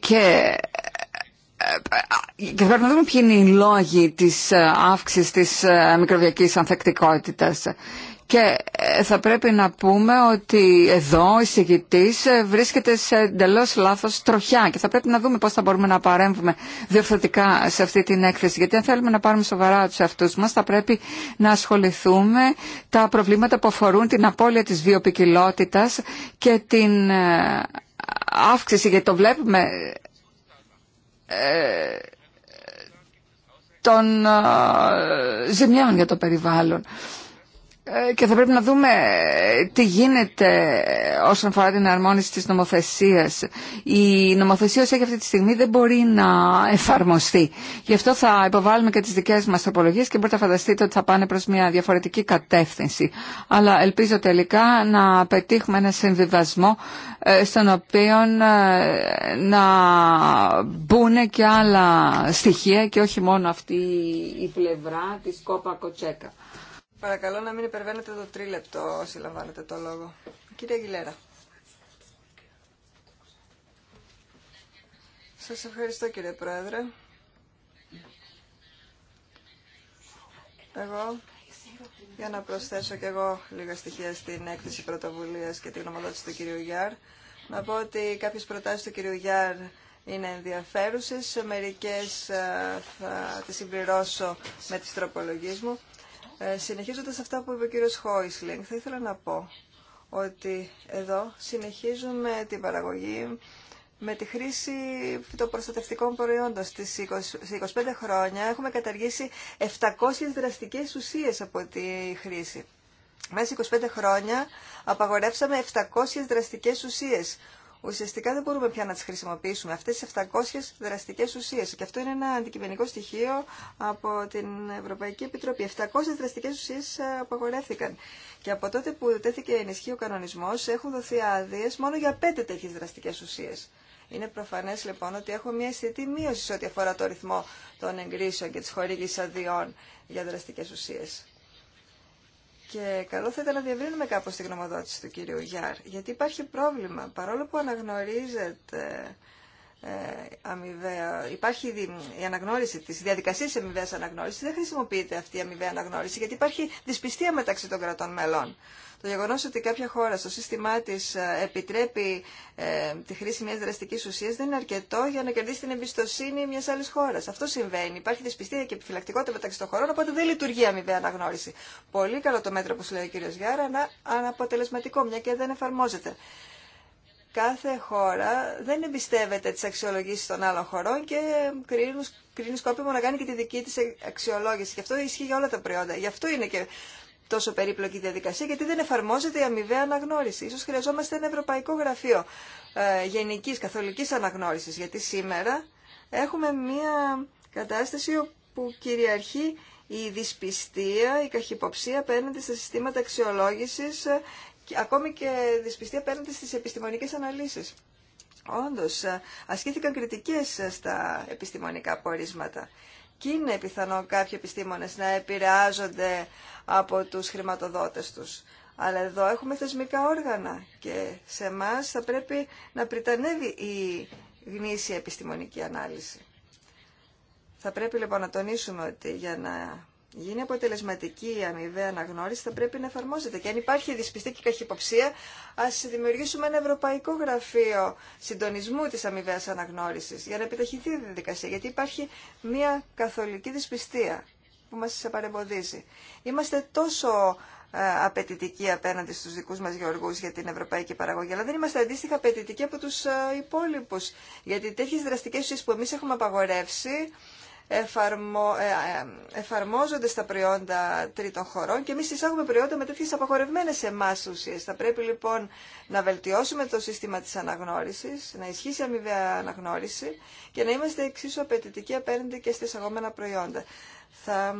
Και και πρέπει να δούμε ποιοι είναι οι λόγοι της ε, αύξησης της ε, μικροβιακής ανθεκτικότητας. Και ε, θα πρέπει να πούμε ότι εδώ ο εισηγητής βρίσκεται σε εντελώ λάθος τροχιά και θα πρέπει να δούμε πώς θα μπορούμε να παρέμβουμε διορθωτικά σε αυτή την έκθεση. Γιατί αν θέλουμε να πάρουμε σοβαρά τους εαυτούς μας θα πρέπει να ασχοληθούμε τα προβλήματα που αφορούν την απώλεια της βιοπικιλότητας και την αύξηση, γιατί το βλέπουμε των ε, ζημιών για το περιβάλλον. Ε, και θα πρέπει να δούμε ε, τι γίνεται ε, όσον αφορά την αρμόνιση της νομοθεσίας. Η νομοθεσία όσο έχει αυτή τη στιγμή δεν μπορεί να εφαρμοστεί. Γι' αυτό θα υποβάλουμε και τις δικές μας τροπολογίες και μπορείτε να φανταστείτε ότι θα πάνε προς μια διαφορετική κατεύθυνση. Αλλά ελπίζω τελικά να πετύχουμε ένα συμβιβασμό στον οποίο να μπουν και άλλα στοιχεία και όχι μόνο αυτή η πλευρά της κόπα κοτσέκα. Παρακαλώ να μην υπερβαίνετε το τρίλεπτο όσοι λαμβάνετε το λόγο. Κύριε Αγγιλέρα. Σας ευχαριστώ κύριε Πρόεδρε. Εγώ, για να προσθέσω και εγώ λίγα στοιχεία στην έκθεση πρωτοβουλίας και τη γνωμοδότηση του κυρίου Γιάρ, να πω ότι κάποιες προτάσεις του κυρίου Γιάρ είναι ενδιαφέρουσες, μερικές ε, θα τις συμπληρώσω με τις τροπολογίες μου. Ε, συνεχίζοντας αυτά που είπε ο κύριος Χόισλινγκ, θα ήθελα να πω ότι εδώ συνεχίζουμε την παραγωγή με τη χρήση φυτοπροστατευτικών προϊόντων. Στις 25 χρόνια έχουμε καταργήσει 700 δραστικές ουσίες από τη χρήση. Μέσα σε 25 χρόνια απαγορεύσαμε 700 δραστικές ουσίες ουσιαστικά δεν μπορούμε πια να τι χρησιμοποιήσουμε αυτές τις 700 δραστικές ουσίε. Και αυτό είναι ένα αντικειμενικό στοιχείο από την Ευρωπαϊκή Επιτροπή. 700 δραστικές ουσίε ε, απαγορεύθηκαν. Και από τότε που τέθηκε ενισχύ ο κανονισμός έχουν δοθεί άδειε μόνο για 5 τέτοιε δραστικές ουσίε. Είναι προφανέ λοιπόν ότι έχουμε μια αισθητή μείωση σε ό,τι αφορά το ρυθμό των εγκρίσεων και τη χορήγηση αδειών για δραστικέ ουσίε. Και καλό θα ήταν να διαβρύνουμε κάπως τη γνωμοδότηση του κύριου Γιάρ, γιατί υπάρχει πρόβλημα. Παρόλο που αναγνωρίζεται ε, αμοιβαία, υπάρχει η αναγνώριση της διαδικασίας αμοιβαία αναγνώριση, δεν χρησιμοποιείται αυτή η αμοιβαία αναγνώριση, γιατί υπάρχει δυσπιστία μεταξύ των κρατών μελών. Το γεγονό ότι κάποια χώρα στο σύστημά τη ε, επιτρέπει ε, τη χρήση μια δραστική ουσία δεν είναι αρκετό για να κερδίσει την εμπιστοσύνη μια άλλη χώρα. Αυτό συμβαίνει. Υπάρχει δυσπιστία και επιφυλακτικότητα μεταξύ των χωρών, οπότε δεν λειτουργεί αμοιβαία αναγνώριση. Πολύ καλό το μέτρο που λέει ο κ. Γιάρα, αλλά αναποτελεσματικό, μια και δεν εφαρμόζεται. Κάθε χώρα δεν εμπιστεύεται τις αξιολογήσει των άλλων χωρών και κρίνει σκόπιμο να κάνει και τη δική τη αξιολόγηση. Και αυτό ισχύει για όλα τα προϊόντα. Γι' αυτό είναι και τόσο περίπλοκη διαδικασία, γιατί δεν εφαρμόζεται η αμοιβαία αναγνώριση. Ίσως χρειαζόμαστε ένα ευρωπαϊκό γραφείο ε, γενικής καθολικής αναγνώρισης, γιατί σήμερα έχουμε μια κατάσταση όπου κυριαρχεί η δυσπιστία, η καχυποψία απέναντι στα συστήματα αξιολόγησης, ε, ακόμη και δυσπιστία απέναντι στις επιστημονικές αναλύσεις. Όντως, ε, ασκήθηκαν κριτικές ε, στα επιστημονικά πορίσματα και είναι πιθανό κάποιοι επιστήμονες να επηρεάζονται από τους χρηματοδότες τους. Αλλά εδώ έχουμε θεσμικά όργανα και σε εμά θα πρέπει να πριτανεύει η γνήσια επιστημονική ανάλυση. Θα πρέπει λοιπόν να τονίσουμε ότι για να γίνει αποτελεσματική η αμοιβαία αναγνώριση, θα πρέπει να εφαρμόζεται. Και αν υπάρχει δυσπιστή και καχυποψία, α δημιουργήσουμε ένα ευρωπαϊκό γραφείο συντονισμού τη αμοιβαία αναγνώριση για να επιταχυνθεί η διαδικασία. Γιατί υπάρχει μια καθολική δυσπιστία που μα απαρεμποδίζει Είμαστε τόσο ε, απαιτητικοί απέναντι στους δικούς μας γεωργούς για την ευρωπαϊκή παραγωγή. Αλλά δεν είμαστε αντίστοιχα απαιτητικοί από του ε, υπόλοιπου. Γιατί τέτοιε δραστικέ ουσίες που εμείς έχουμε απαγορεύσει, εφαρμο, ε, ε, εφαρμόζονται στα προϊόντα τρίτων χωρών και εμείς εισάγουμε προϊόντα με τέτοιες απαγορευμένες σε εμά ουσίες. Θα πρέπει λοιπόν να βελτιώσουμε το σύστημα της αναγνώρισης, να ισχύσει αμοιβαία αναγνώριση και να είμαστε εξίσου απαιτητικοί απέναντι και στις εισαγόμενα προϊόντα. Θα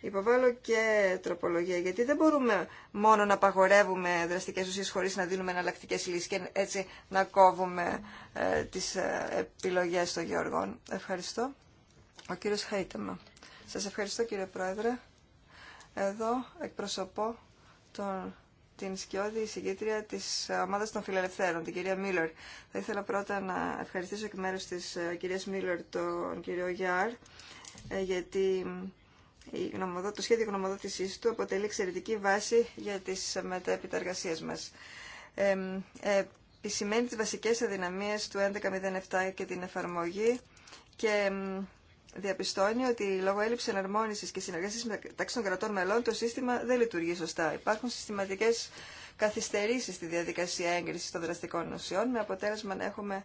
υποβάλλω και τροπολογία, γιατί δεν μπορούμε μόνο να απαγορεύουμε δραστικές ουσίες χωρίς να δίνουμε εναλλακτικέ λύσεις και έτσι να κόβουμε ε, τις ε, επιλογές των γεωργών. Ευχαριστώ. Ο Χαίτεμα. Σας ευχαριστώ κύριε Πρόεδρε. Εδώ εκπροσωπώ τον, την σκιώδη συγκήτρια της ομάδας των φιλελευθέρων, την κυρία Μίλλορ. Θα ήθελα πρώτα να ευχαριστήσω εκ μέρους της ε, κυρίας Μίλλορ τον κύριο Γιάρ, ε, γιατί η το σχέδιο γνωμοδότησής του αποτελεί εξαιρετική βάση για τις μετέπειτα εργασίες μας. Ε, ε, επισημαίνει τις βασικές αδυναμίες του 1107 και την εφαρμογή και διαπιστώνει ότι λόγω έλλειψη εναρμόνιση και συνεργασία μεταξύ των κρατών μελών το σύστημα δεν λειτουργεί σωστά. Υπάρχουν συστηματικέ καθυστερήσει στη διαδικασία έγκριση των δραστικών ουσιών με αποτέλεσμα να έχουμε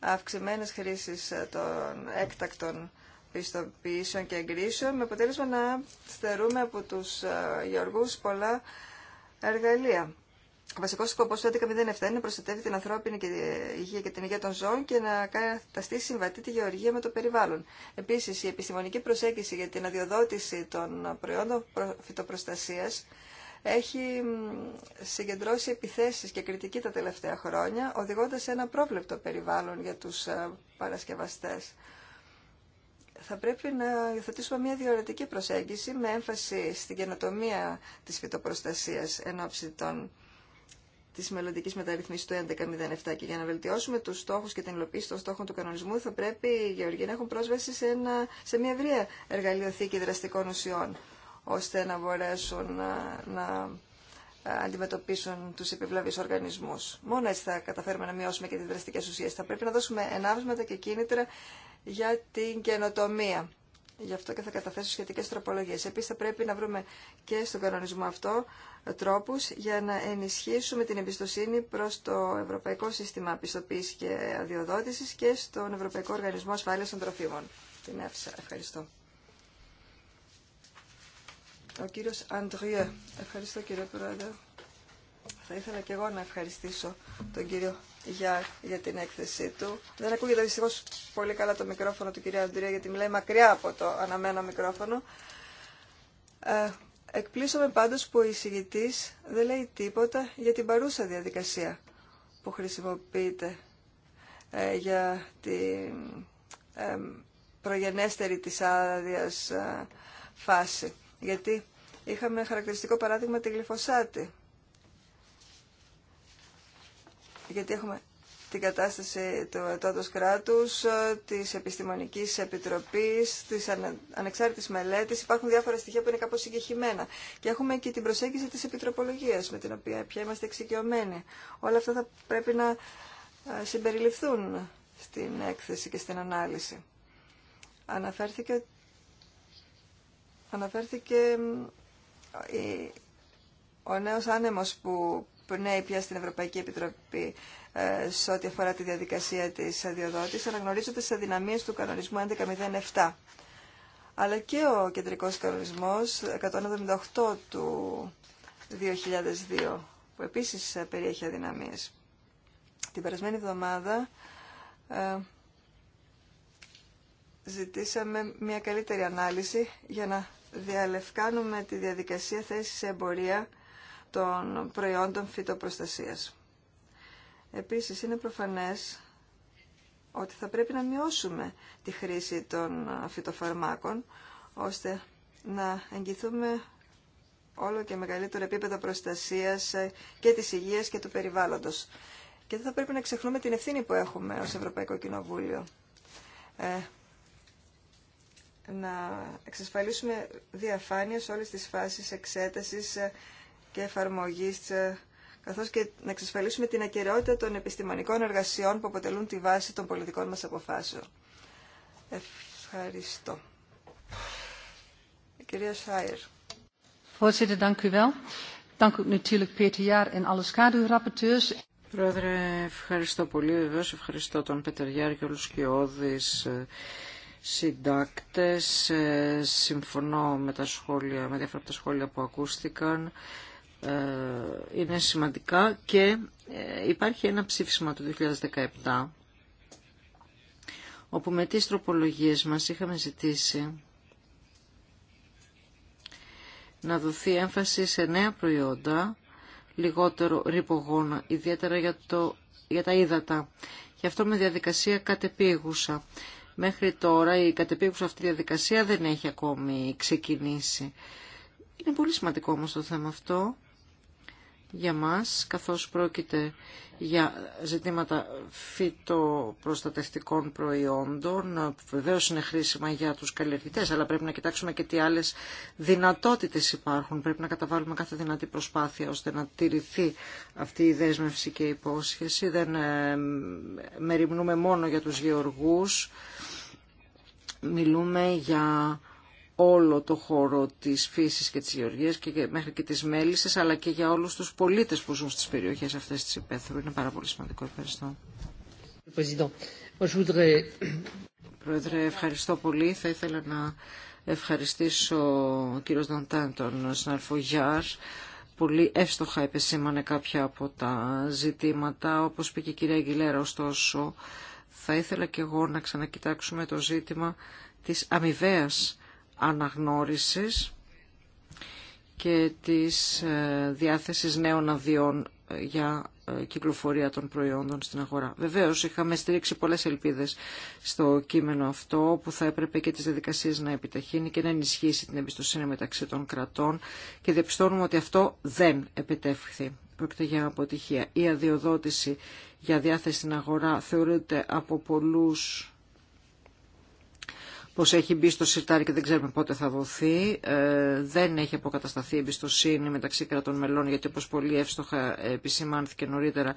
αυξημένε χρήσει των έκτακτων πιστοποιήσεων και εγκρίσεων με αποτέλεσμα να στερούμε από του ε, γεωργού πολλά εργαλεία. Ο βασικό σκοπό του 1107 είναι να προστατεύει την ανθρώπινη υγεία και την υγεία των ζώων και να καταστήσει συμβατή τη γεωργία με το περιβάλλον. Επίση, η επιστημονική προσέγγιση για την αδειοδότηση των προϊόντων φυτοπροστασία έχει συγκεντρώσει επιθέσεις και κριτική τα τελευταία χρόνια, οδηγώντας σε ένα πρόβλεπτο περιβάλλον για τους ε, παρασκευαστές. Θα πρέπει να υιοθετήσουμε μια διορατική προσέγγιση με έμφαση στην καινοτομία της φυτοπροστασίας εν ώψη των τη μελλοντική μεταρρυθμίση του 1107 και για να βελτιώσουμε του στόχου και την υλοποίηση των στόχων του κανονισμού, θα πρέπει οι Γεωργοί να έχουν πρόσβαση σε, ένα, σε μια ευρεία εργαλειοθήκη δραστικών ουσιών, ώστε να μπορέσουν να, να ε, αντιμετωπίσουν του επιβλαβεί οργανισμού. Μόνο έτσι θα καταφέρουμε να μειώσουμε και τι δραστικέ ουσίε. Θα πρέπει να δώσουμε ενάβσματα και κίνητρα για την καινοτομία Γι' αυτό και θα καταθέσω σχετικέ τροπολογίε. Επίση, θα πρέπει να βρούμε και στον κανονισμό αυτό τρόπους για να ενισχύσουμε την εμπιστοσύνη προ το Ευρωπαϊκό Σύστημα Πιστοποίηση και Αδειοδότηση και στον Ευρωπαϊκό Οργανισμό Ασφάλεια των Τροφίμων. Την έφυσα. Ευχαριστώ. Ο κύριο Αντριέ. Ευχαριστώ, κύριε Πρόεδρε. Θα ήθελα και εγώ να ευχαριστήσω τον κύριο για, για την έκθεσή του. Δεν ακούγεται δυστυχώς πολύ καλά το μικρόφωνο του κυρία Αντρία, γιατί μιλάει μακριά από το αναμένο μικρόφωνο. Ε, εκπλήσωμαι πάντως που ο εισηγητής δεν λέει τίποτα για την παρούσα διαδικασία που χρησιμοποιείται ε, για την ε, προγενέστερη της άδεια ε, φάση. Γιατί είχαμε χαρακτηριστικό παράδειγμα τη γλυφοσάτη γιατί έχουμε την κατάσταση του τότος κράτους, της Επιστημονικής Επιτροπής, της ανεξάρτητης μελέτης. Υπάρχουν διάφορα στοιχεία που είναι κάπως συγκεχημένα. Και έχουμε και την προσέγγιση της επιτροπολογίας, με την οποία πια είμαστε εξοικειωμένοι. Όλα αυτά θα πρέπει να ε, συμπεριληφθούν στην έκθεση και στην ανάλυση. Αναφέρθηκε, αναφέρθηκε ο νέος άνεμος που εισπνέει πια στην Ευρωπαϊκή Επιτροπή ε, σε ό,τι αφορά τη διαδικασία της αδειοδότηση, αναγνωρίζονται σε αδυναμίες του κανονισμού 1107. Αλλά και ο κεντρικός κανονισμός 178 του 2002, που επίσης ε, περιέχει αδυναμίε. Την περασμένη εβδομάδα ε, ζητήσαμε μια καλύτερη ανάλυση για να διαλευκάνουμε τη διαδικασία θέση σε εμπορία των προϊόντων φυτοπροστασίας. Επίσης, είναι προφανές ότι θα πρέπει να μειώσουμε τη χρήση των φυτοφαρμάκων, ώστε να εγγυθούμε όλο και μεγαλύτερο επίπεδο προστασίας και της υγείας και του περιβάλλοντος. Και δεν θα πρέπει να ξεχνούμε την ευθύνη που έχουμε ως Ευρωπαϊκό Κοινοβούλιο. Ε, να εξασφαλίσουμε διαφάνεια σε όλες τις φάσεις εξέτασης ε, και εφαρμογή, ε, καθώ και να εξασφαλίσουμε την ακαιρεότητα των επιστημονικών εργασιών που αποτελούν τη βάση των πολιτικών μα αποφάσεων. Ευχαριστώ. κυρία Σάιρ. Πρόεδρε, ευχαριστώ πολύ. Βεβαίω ευχαριστώ τον Πέτερ Γιάρ και όλου και όλε συντάκτες. Ε, συμφωνώ με τα σχόλια, με διάφορα από τα σχόλια που ακούστηκαν. Ε, είναι σημαντικά και ε, υπάρχει ένα ψήφισμα του 2017 όπου με τις τροπολογίες μας είχαμε ζητήσει να δοθεί έμφαση σε νέα προϊόντα, λιγότερο ρυπογόνα, ιδιαίτερα για, το, για τα ύδατα. Γι' αυτό με διαδικασία κατεπήγουσα. Μέχρι τώρα η κατεπήγουσα αυτή διαδικασία δεν έχει ακόμη ξεκινήσει. Είναι πολύ σημαντικό όμως το θέμα αυτό για μας, καθώς πρόκειται για ζητήματα φυτοπροστατευτικών προϊόντων, που βεβαίως είναι χρήσιμα για τους καλλιεργητές, αλλά πρέπει να κοιτάξουμε και τι άλλες δυνατότητες υπάρχουν. Πρέπει να καταβάλουμε κάθε δυνατή προσπάθεια ώστε να τηρηθεί αυτή η δέσμευση και η υπόσχεση. Δεν ε, μεριμνούμε μόνο για τους γεωργούς, μιλούμε για όλο το χώρο της φύσης και της γεωργίας και μέχρι και της μέλησης, αλλά και για όλους τους πολίτες που ζουν στις περιοχές αυτές της υπαίθρου. Είναι πάρα πολύ σημαντικό. Ευχαριστώ. Πρόεδρε, ευχαριστώ πολύ. Θα ήθελα να ευχαριστήσω ο κύριος Νταντάν τον συναρφό Γιάρ. Πολύ εύστοχα επεσήμανε κάποια από τα ζητήματα. Όπως πήγε η κυρία Αγγιλέρα, ωστόσο, θα ήθελα και εγώ να ξανακοιτάξουμε το ζήτημα της αμοιβαία αναγνώρισης και της ε, διάθεσης νέων αδειών ε, για ε, κυκλοφορία των προϊόντων στην αγορά. Βεβαίως είχαμε στηρίξει πολλές ελπίδες στο κείμενο αυτό που θα έπρεπε και τις διαδικασίε να επιταχύνει και να ενισχύσει την εμπιστοσύνη μεταξύ των κρατών και διαπιστώνουμε ότι αυτό δεν επιτεύχθη. Πρόκειται για αποτυχία. Η αδειοδότηση για διάθεση στην αγορά θεωρείται από πολλούς πως έχει μπει στο σιρτάρι και δεν ξέρουμε πότε θα δοθεί. Ε, δεν έχει αποκατασταθεί εμπιστοσύνη μεταξύ κρατών μελών, γιατί όπως πολύ εύστοχα επισημάνθηκε νωρίτερα,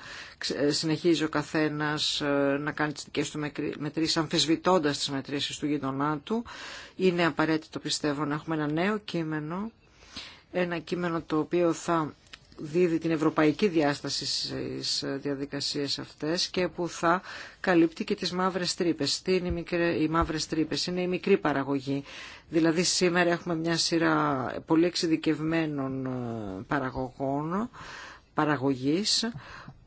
ε, συνεχίζει ο καθένας ε, να κάνει τις δικές του μετρήσεις, αμφισβητώντας τις μετρήσεις του γειτονά του. Είναι απαραίτητο, πιστεύω, να έχουμε ένα νέο κείμενο, ένα κείμενο το οποίο θα δίδει την ευρωπαϊκή διάσταση στις ε, διαδικασίες αυτές και που θα καλύπτει και τις μαύρες τρύπες. Τι είναι οι, μικρές, οι μαύρες τρύπες, είναι η μικρή παραγωγή. Δηλαδή σήμερα έχουμε μια σειρά πολύ εξειδικευμένων ε, παραγωγών, παραγωγής,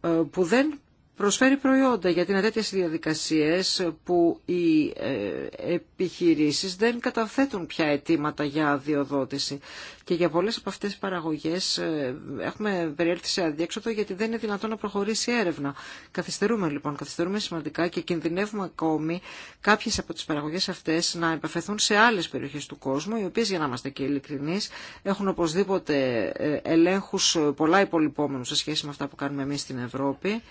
ε, που δεν προσφέρει προϊόντα γιατί είναι τέτοιες διαδικασίες που οι ε, επιχειρήσεις δεν καταθέτουν πια αιτήματα για αδειοδότηση. Και για πολλές από αυτές τις παραγωγές ε, έχουμε περιέλθει σε αδιέξοδο γιατί δεν είναι δυνατόν να προχωρήσει έρευνα. Καθυστερούμε λοιπόν, καθυστερούμε σημαντικά και κινδυνεύουμε ακόμη κάποιες από τις παραγωγές αυτές να επαφεθούν σε άλλες περιοχές του κόσμου, οι οποίες για να είμαστε και ειλικρινεί, έχουν οπωσδήποτε ε, ελέγχους πολλά υπολοιπόμενους σε σχέση με αυτά που κάνουμε εμείς στην Ευρώπη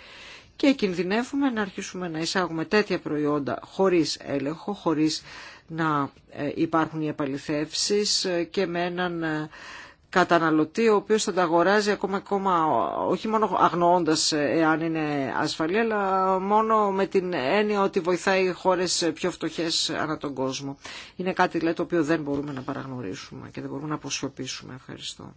και κινδυνεύουμε να αρχίσουμε να εισάγουμε τέτοια προϊόντα χωρίς έλεγχο, χωρίς να ε, υπάρχουν οι επαληθεύσεις ε, και με έναν ε, καταναλωτή ο οποίος θα τα αγοράζει ακόμα, ακόμα όχι μόνο αγνοώντας εάν είναι ασφαλή αλλά μόνο με την έννοια ότι βοηθάει χώρες πιο φτωχές ανά τον κόσμο. Είναι κάτι λέει, το οποίο δεν μπορούμε να παραγνωρίσουμε και δεν μπορούμε να αποσιωπήσουμε. Ευχαριστώ.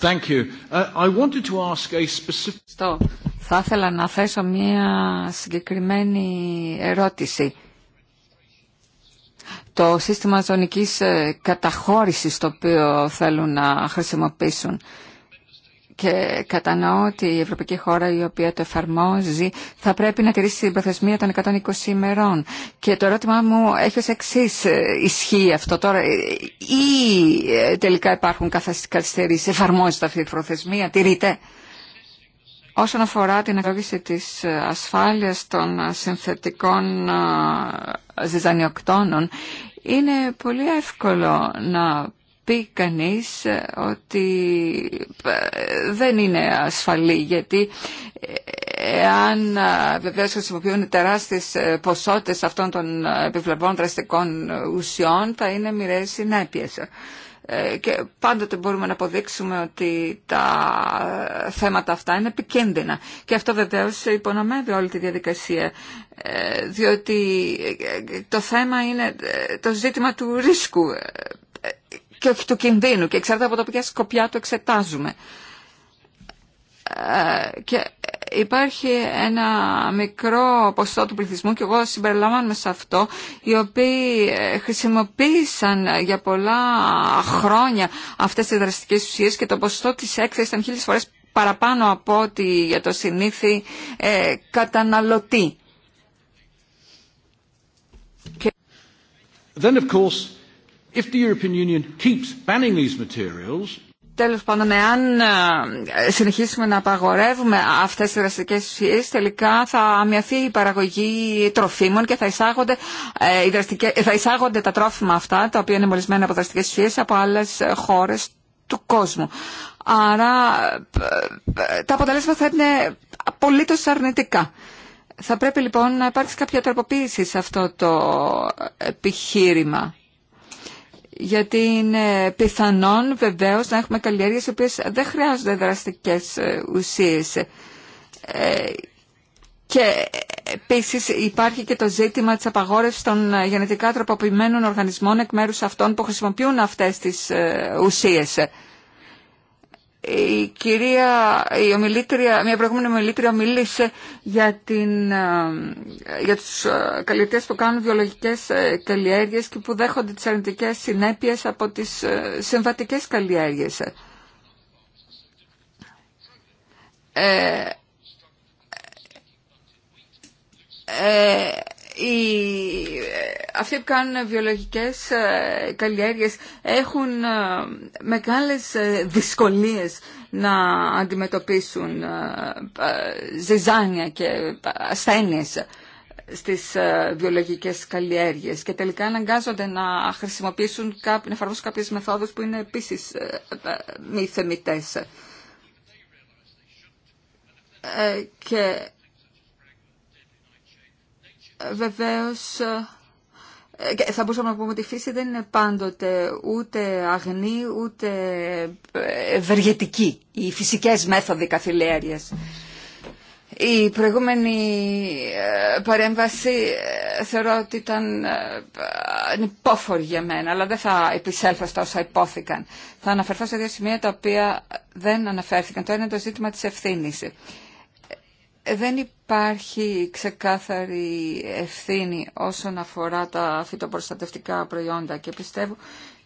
Thank uh, Θα ήθελα να θέσω μία συγκεκριμένη ερώτηση. Το σύστημα ζωνικής ε, καταχώρησης το οποίο θέλουν να χρησιμοποιήσουν και κατανοώ ότι η Ευρωπαϊκή χώρα η οποία το εφαρμόζει θα πρέπει να τηρήσει την προθεσμία των 120 ημερών. Και το ερώτημά μου έχει ως εξή ε, ισχύει αυτό τώρα ε, ή ε, τελικά υπάρχουν καθυστερήσεις, εφαρμόζεται αυτή η προθεσμία, τηρείται. Όσον αφορά την αγώγηση της ασφάλειας των συνθετικών ζυζανιοκτώνων, είναι πολύ εύκολο να πει κανείς ε, ότι ε, δεν είναι ασφαλή γιατί ε, εάν βεβαίω χρησιμοποιούν τεράστιες ποσότητες αυτών των επιβλεπών δραστικών ουσιών θα είναι μοιραίες συνέπειες. Και πάντοτε μπορούμε να αποδείξουμε ότι τα θέματα αυτά είναι επικίνδυνα. Και αυτό βεβαίως υπονομεύει όλη τη διαδικασία. Διότι το θέμα είναι το ζήτημα του ρίσκου και όχι του κινδύνου και εξαρτάται από το ποια σκοπιά το εξετάζουμε. Ε, και υπάρχει ένα μικρό ποσοστό του πληθυσμού και εγώ συμπεριλαμβάνομαι σε αυτό οι οποίοι ε, χρησιμοποίησαν για πολλά χρόνια αυτές τις δραστικές ουσίες και το ποσοστό της έκθεσης ήταν χίλιες φορές παραπάνω από ό,τι για το συνήθι ε, καταναλωτή. Then of course If the European Union keeps banning these materials, Τέλος πάντων, εάν ε, συνεχίσουμε να απαγορεύουμε αυτές τις δραστικές ουσίες, τελικά θα αμοιαθεί η παραγωγή τροφίμων και θα εισάγονται, ε, οι δραστικές, θα εισάγονται τα τρόφιμα αυτά, τα οποία είναι μολυσμένα από δραστικές ουσίες, από άλλες χώρες του κόσμου. Άρα ε, ε, τα αποτελέσματα θα είναι απολύτω αρνητικά. Θα πρέπει λοιπόν να υπάρξει κάποια τροποποίηση σε αυτό το επιχείρημα γιατί είναι πιθανόν βεβαίως να έχουμε καλλιέργειες οι οποίες δεν χρειάζονται δραστικές ε, ουσίες. Ε, και επίση υπάρχει και το ζήτημα της απαγόρευσης των ε, γενετικά τροποποιημένων οργανισμών εκ μέρους αυτών που χρησιμοποιούν αυτές τις ουσίες η κυρία, η ομιλήτρια, μια προηγούμενη ομιλήτρια μίλησε για, την, ε, για τους ε, καλλιτές που κάνουν βιολογικές ε, καλλιέργειες και που δέχονται τις αρνητικές συνέπειες από τις συμβατικές καλλιέργειες. Ε, ε, οι, αυτοί που κάνουν βιολογικές ε, καλλιέργειες έχουν ε, μεγάλες ε, δυσκολίες να αντιμετωπίσουν ζυζάνια και ασθένειες στις βιολογικές καλλιέργειες και τελικά αναγκάζονται να χρησιμοποιήσουν, να εφαρμόσουν κάποιες μεθόδους που είναι επίσης μη θεμητές. Και βεβαίως ε, θα μπορούσαμε να πούμε ότι η φύση δεν είναι πάντοτε ούτε αγνή ούτε ε, ευεργετική. Οι φυσικές μέθοδοι καθηλέρειας. Η προηγούμενη ε, παρέμβαση θεωρώ ότι ήταν ανυπόφορη για μένα, αλλά δεν θα επισέλθω στα όσα υπόθηκαν. Θα αναφερθώ σε δύο σημεία τα οποία δεν αναφέρθηκαν. Το ένα είναι το ζήτημα της ευθύνης δεν υπάρχει ξεκάθαρη ευθύνη όσον αφορά τα φυτοπροστατευτικά προϊόντα και πιστεύω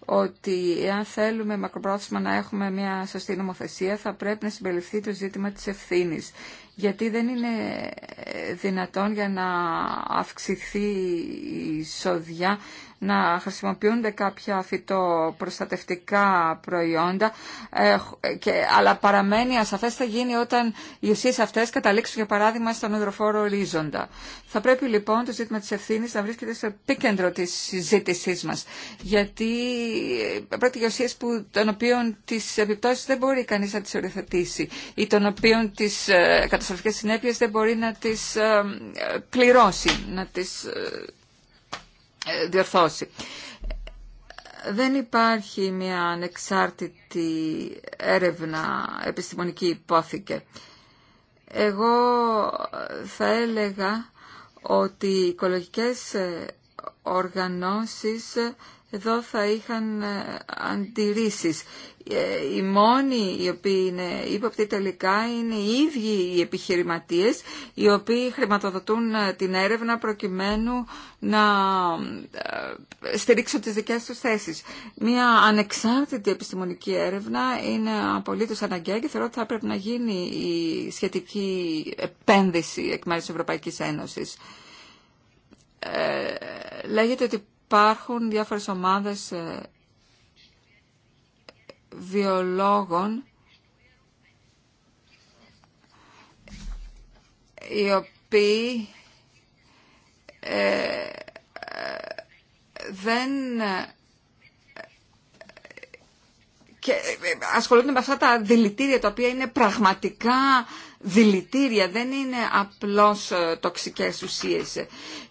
ότι εάν θέλουμε μακροπρόθεσμα να έχουμε μια σωστή νομοθεσία θα πρέπει να συμπεριληφθεί το ζήτημα της ευθύνης γιατί δεν είναι δυνατόν για να αυξηθεί η σοδιά να χρησιμοποιούνται κάποια φυτοπροστατευτικά προϊόντα, ε, ε, και, αλλά παραμένει ασαφές θα γίνει όταν οι ουσίες αυτές καταλήξουν για παράδειγμα στον υδροφόρο ορίζοντα. Θα πρέπει λοιπόν το ζήτημα της ευθύνης να βρίσκεται στο επίκεντρο της συζήτησή μας, γιατί ε, πρόκειται για ουσίες που, των οποίων τις επιπτώσεις δεν μπορεί κανείς να τις οριοθετήσει ή των οποίων τις καταστροφικές συνέπειες δεν μπορεί να τις πληρώσει, να τις ε, διορθώσει. Δεν υπάρχει μια ανεξάρτητη έρευνα επιστημονική υπόθηκε. Εγώ θα έλεγα ότι οι οικολογικές οργανώσεις εδώ θα είχαν ε, αντιρρήσεις. Ε, οι μόνοι οι οποίοι είναι ύποπτοι τελικά είναι οι ίδιοι οι επιχειρηματίες οι οποίοι χρηματοδοτούν ε, την έρευνα προκειμένου να στηρίξουν τις δικές τους θέσεις. Μια ανεξάρτητη επιστημονική έρευνα είναι απολύτως αναγκαία και θεωρώ ότι θα πρέπει να γίνει η σχετική επένδυση εκ μέρους της Ευρωπαϊκής Ένωσης. λέγεται ότι υπάρχουν διάφορες ομάδες ε, βιολόγων οι οποίοι ε, ε, δεν και ε, ε, ασχολούνται με αυτά τα δηλητήρια τα οποία είναι πραγματικά δηλητήρια, δεν είναι απλώς ε, τοξικές ουσίες.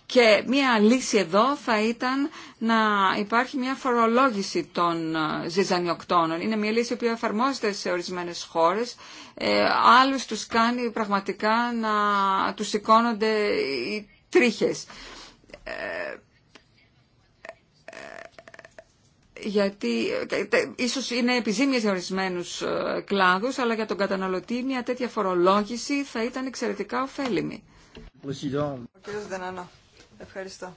Και μία λύση εδώ θα ήταν να υπάρχει μία φορολόγηση των ζυζανιοκτώνων. Είναι μία λύση που εφαρμόζεται σε ορισμένες χώρες. Ε, άλλους τους κάνει πραγματικά να τους σηκώνονται οι τρίχες. γιατί ίσως είναι επιζήμιες για ορισμένους ε, κλάδους, αλλά για τον καταναλωτή μια τέτοια φορολόγηση θα ήταν εξαιρετικά ωφέλιμη. Ο Δενανό, ευχαριστώ.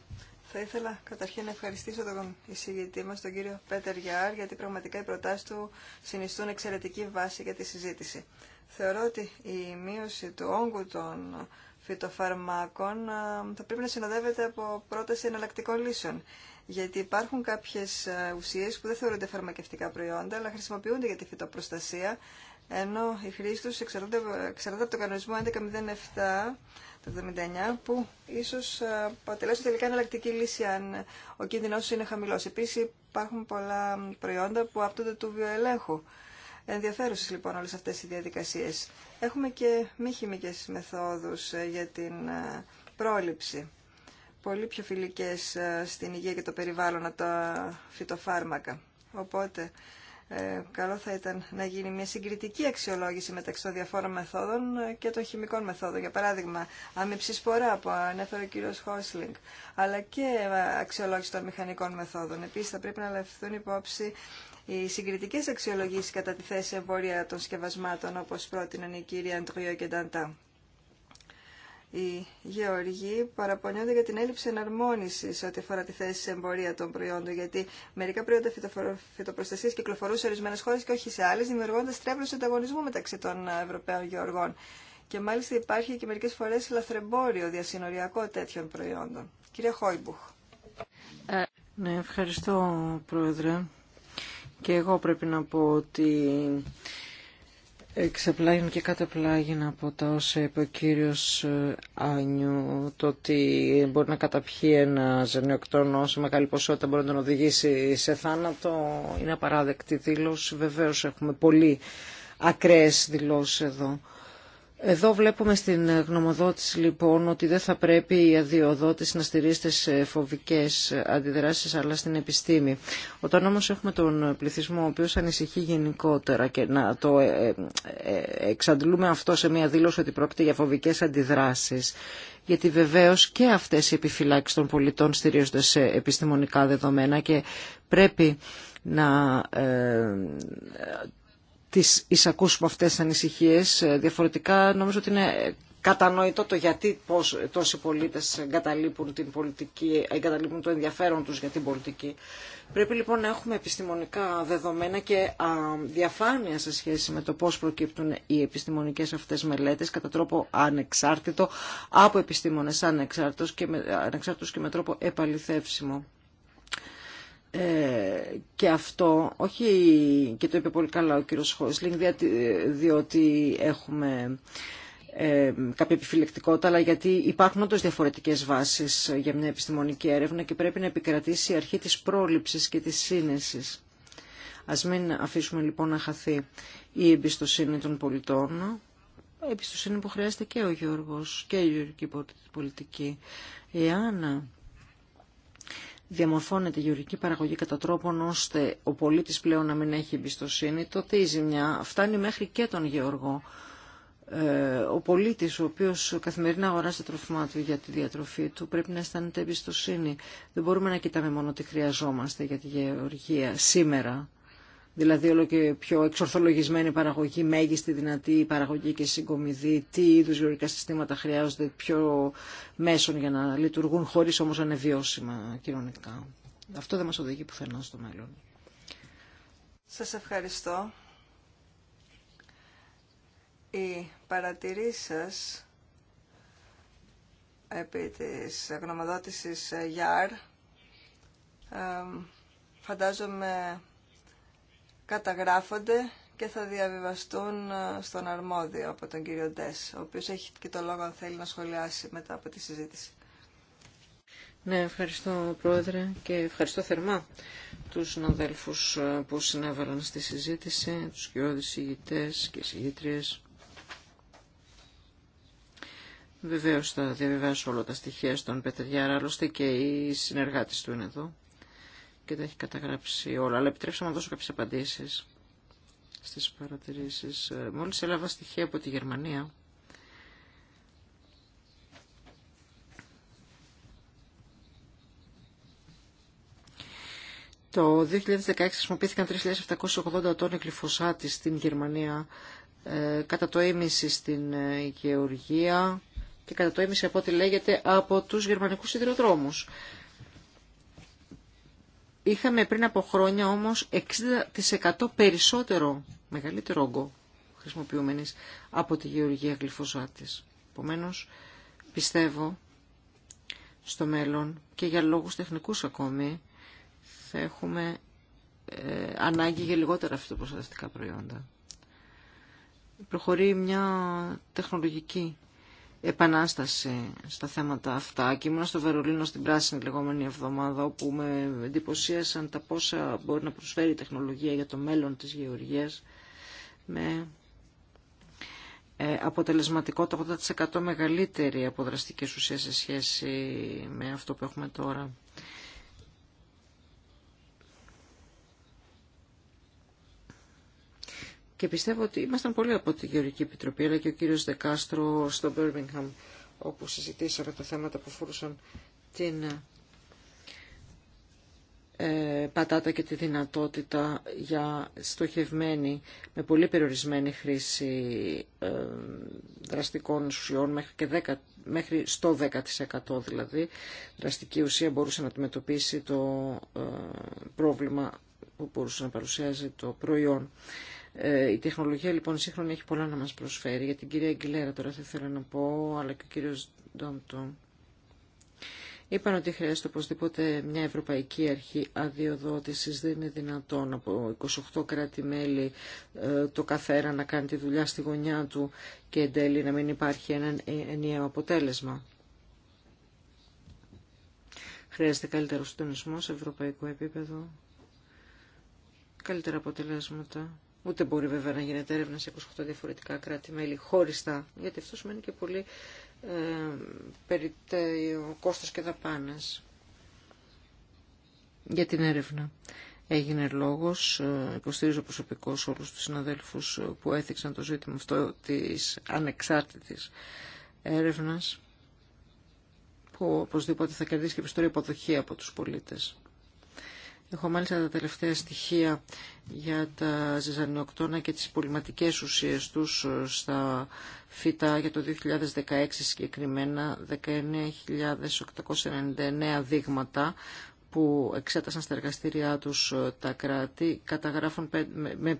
Θα ήθελα καταρχήν να ευχαριστήσω τον εισηγητή μας, τον κύριο Πέτερ Γιάρ, γιατί πραγματικά οι προτάσεις του συνιστούν εξαιρετική βάση για τη συζήτηση. Θεωρώ ότι η μείωση του όγκου των φυτοφαρμάκων ε, θα πρέπει να συνοδεύεται από πρόταση εναλλακτικών λύσεων γιατί υπάρχουν κάποιες ε, ουσίες που δεν θεωρούνται φαρμακευτικά προϊόντα, αλλά χρησιμοποιούνται για τη φυτοπροστασία, ενώ η χρήση τους εξαρτάται, από το κανονισμό 1107 το 79, που ίσως ε, αποτελέσουν τελικά εναλλακτική λύση αν ο κίνδυνος είναι χαμηλός. Επίσης υπάρχουν πολλά προϊόντα που άπτονται του βιοελέγχου. Ενδιαφέρουσες λοιπόν όλες αυτές οι διαδικασίες. Έχουμε και μη χημικές μεθόδους ε, για την πρόληψη πολύ πιο φιλικές ε, στην υγεία και το περιβάλλον από τα φυτοφάρμακα. Οπότε, ε, καλό θα ήταν να γίνει μια συγκριτική αξιολόγηση μεταξύ των διαφόρων μεθόδων ε, και των χημικών μεθόδων. Για παράδειγμα, αμυψισπορά που ανέφερε ο κύριος Χόσλινγκ, αλλά και ε, αξιολόγηση των μηχανικών μεθόδων. Επίσης, θα πρέπει να λεφθούν υπόψη οι συγκριτικέ αξιολογήσεις κατά τη θέση εμπορία των σκευασμάτων, όπως πρότειναν η κυρία Αντριό και Νταντά. Οι γεωργοί παραπονιούνται για την έλλειψη εναρμόνιση σε ό,τι αφορά τη θέση σε εμπορία των προϊόντων, γιατί μερικά προϊόντα φυτοπροστασία κυκλοφορούν σε ορισμένε χώρε και όχι σε άλλε, δημιουργώντα τρέβλου ανταγωνισμού μεταξύ των ε, Ευρωπαίων γεωργών. Και μάλιστα υπάρχει και μερικέ φορέ λαθρεμπόριο διασυνοριακό τέτοιων προϊόντων. Κυρία Χόιμπουχ. Ε, ναι, ευχαριστώ, Πρόεδρε. Και εγώ πρέπει να πω ότι εξεπλάγει και κατεπλάγει από τα όσα είπε ο κύριος ε, Άνιου το ότι μπορεί να καταπιεί ένα ζενιοκτόνο σε μεγάλη ποσότητα μπορεί να τον οδηγήσει σε θάνατο είναι απαράδεκτη δήλωση βεβαίως έχουμε πολύ ακραίες δηλώσεις εδώ εδώ βλέπουμε στην γνωμοδότηση λοιπόν ότι δεν θα πρέπει η αδειοδότηση να στηρίζεται σε φοβικές αντιδράσεις αλλά στην επιστήμη. Όταν όμως έχουμε τον πληθυσμό ο οποίος ανησυχεί γενικότερα και να το ε, ε, ε, εξαντλούμε αυτό σε μια δήλωση ότι πρόκειται για φοβικές αντιδράσεις γιατί βεβαίως και αυτές οι επιφυλάξει των πολιτών στηρίζονται σε επιστημονικά δεδομένα και πρέπει να τις εισακούσουμε αυτές τις ανησυχίες. Ε, διαφορετικά νομίζω ότι είναι κατανοητό το γιατί πώς τόσοι πολίτες εγκαταλείπουν, την πολιτική, εγκαταλείπουν το ενδιαφέρον τους για την πολιτική. Πρέπει λοιπόν να έχουμε επιστημονικά δεδομένα και διαφάνεια σε σχέση με το πώς προκύπτουν οι επιστημονικές αυτές μελέτες κατά τρόπο ανεξάρτητο από επιστήμονες ανεξάρτητος και και με τρόπο επαληθεύσιμο. Ε, και αυτό, όχι και το είπε πολύ καλά ο κύριος Χόισλινγκ, διότι έχουμε ε, κάποια επιφυλεκτικότητα, αλλά γιατί υπάρχουν όντως διαφορετικές βάσεις για μια επιστημονική έρευνα και πρέπει να επικρατήσει η αρχή της πρόληψης και της σύνεσης. Ας μην αφήσουμε λοιπόν να χαθεί η εμπιστοσύνη των πολιτών. Εμπιστοσύνη που χρειάζεται και ο Γιώργος και η γεωργική πολιτική. Άννα διαμορφώνεται η γεωργική παραγωγή κατά τρόπον ώστε ο πολίτης πλέον να μην έχει εμπιστοσύνη, τότε η ζημιά φτάνει μέχρι και τον γεωργό. Ε, ο πολίτης ο οποίος καθημερινά αγοράζει το τροφιμά του για τη διατροφή του πρέπει να αισθάνεται εμπιστοσύνη. Δεν μπορούμε να κοιτάμε μόνο τι χρειαζόμαστε για τη γεωργία σήμερα δηλαδή όλο και πιο εξορθολογισμένη παραγωγή, μέγιστη δυνατή παραγωγή και συγκομιδή, τι είδους γεωργικά συστήματα χρειάζονται πιο μέσων για να λειτουργούν χωρίς όμως ανεβιώσιμα κοινωνικά. Αυτό δεν μας οδηγεί πουθενά στο μέλλον. Σας ευχαριστώ. Οι παρατηρήσεις σας επί της γνωμοδότησης ΓΙΑΡ φαντάζομαι καταγράφονται και θα διαβιβαστούν ε, στον αρμόδιο από τον κύριο Ντές, ο οποίος έχει και το λόγο αν θέλει να σχολιάσει μετά από τη συζήτηση. Ναι, ευχαριστώ Πρόεδρε και ευχαριστώ θερμά τους συναδέλφους ε, που συνέβαλαν στη συζήτηση, τους κοιόδης ηγητές και συγητρίες. Βεβαίως θα διαβιβάσω όλα τα στοιχεία στον Πετριάρα, άλλωστε και οι συνεργάτες του είναι εδώ και τα έχει καταγράψει όλα. Αλλά επιτρέψτε να δώσω κάποιες απαντήσεις στις παρατηρήσεις. Ε, μόλις έλαβα στοιχεία από τη Γερμανία, Το 2016 χρησιμοποιήθηκαν 3.780 τόνοι γλυφοσάτη στην Γερμανία, ε, κατά το ίμιση στην ε, Γεωργία και κατά το ίμιση από ό,τι λέγεται από τους γερμανικούς σιδηροδρόμους. Είχαμε πριν από χρόνια όμως 60% περισσότερο, μεγαλύτερο όγκο χρησιμοποιούμενης από τη γεωργία γλυφοζάτης. Επομένω, πιστεύω στο μέλλον και για λόγους τεχνικούς ακόμη θα έχουμε ε, ανάγκη για λιγότερα φυτοπροστατευτικά προϊόντα. Προχωρεί μια τεχνολογική επανάσταση στα θέματα αυτά και ήμουν στο Βερολίνο στην πράσινη λεγόμενη εβδομάδα όπου με εντυπωσίασαν τα πόσα μπορεί να προσφέρει η τεχνολογία για το μέλλον της γεωργίας με ε, αποτελεσματικότητα το 80% μεγαλύτερη από δραστικές ουσίες σε σχέση με αυτό που έχουμε τώρα. και πιστεύω ότι ήμασταν πολύ από τη Γεωργική Επιτροπή, αλλά και ο κύριος Δεκάστρο στο Birmingham, όπου συζητήσαμε τα θέματα που φορούσαν την ε, πατάτα και τη δυνατότητα για στοχευμένη, με πολύ περιορισμένη χρήση ε, δραστικών ουσιών, μέχρι, και 10, μέχρι στο 10% δηλαδή, δραστική ουσία μπορούσε να αντιμετωπίσει το ε, πρόβλημα που μπορούσε να παρουσιάζει το προϊόν. Ε, η τεχνολογία λοιπόν σύγχρονη έχει πολλά να μας προσφέρει. Για την κυρία Αγγιλέρα τώρα θα ήθελα να πω, αλλά και ο κύριος Ντόμπτο. Είπαν ότι χρειάζεται οπωσδήποτε μια ευρωπαϊκή αρχή αδειοδότησης. Δεν είναι δυνατόν από 28 κράτη-μέλη ε, το καθένα να κάνει τη δουλειά στη γωνιά του και εν τέλει να μην υπάρχει ένα ε, ενιαίο αποτέλεσμα. Χρειάζεται καλύτερο συντονισμό σε ευρωπαϊκό επίπεδο, καλύτερα αποτελέσματα Ούτε μπορεί βέβαια να γίνεται έρευνα σε 28 διαφορετικά κράτη-μέλη χωριστά, γιατί αυτό σημαίνει και πολύ ε, περί κόστος και δαπάνες για την έρευνα. Έγινε λόγος, ε, υποστήριζω προσωπικώς όλους τους συναδέλφους ε, που έθιξαν το ζήτημα αυτό της ανεξάρτητης έρευνας, που οπωσδήποτε θα κερδίσει και πιστωρή υποδοχή από τους πολίτες. Έχω μάλιστα τα τελευταία στοιχεία για τα ζεζανιοκτώνα και τις πολυματικές ουσίες τους ε, στα φύτα για το 2016 συγκεκριμένα 19.899 δείγματα που εξέτασαν στα εργαστήριά τους ε, τα κράτη καταγράφουν με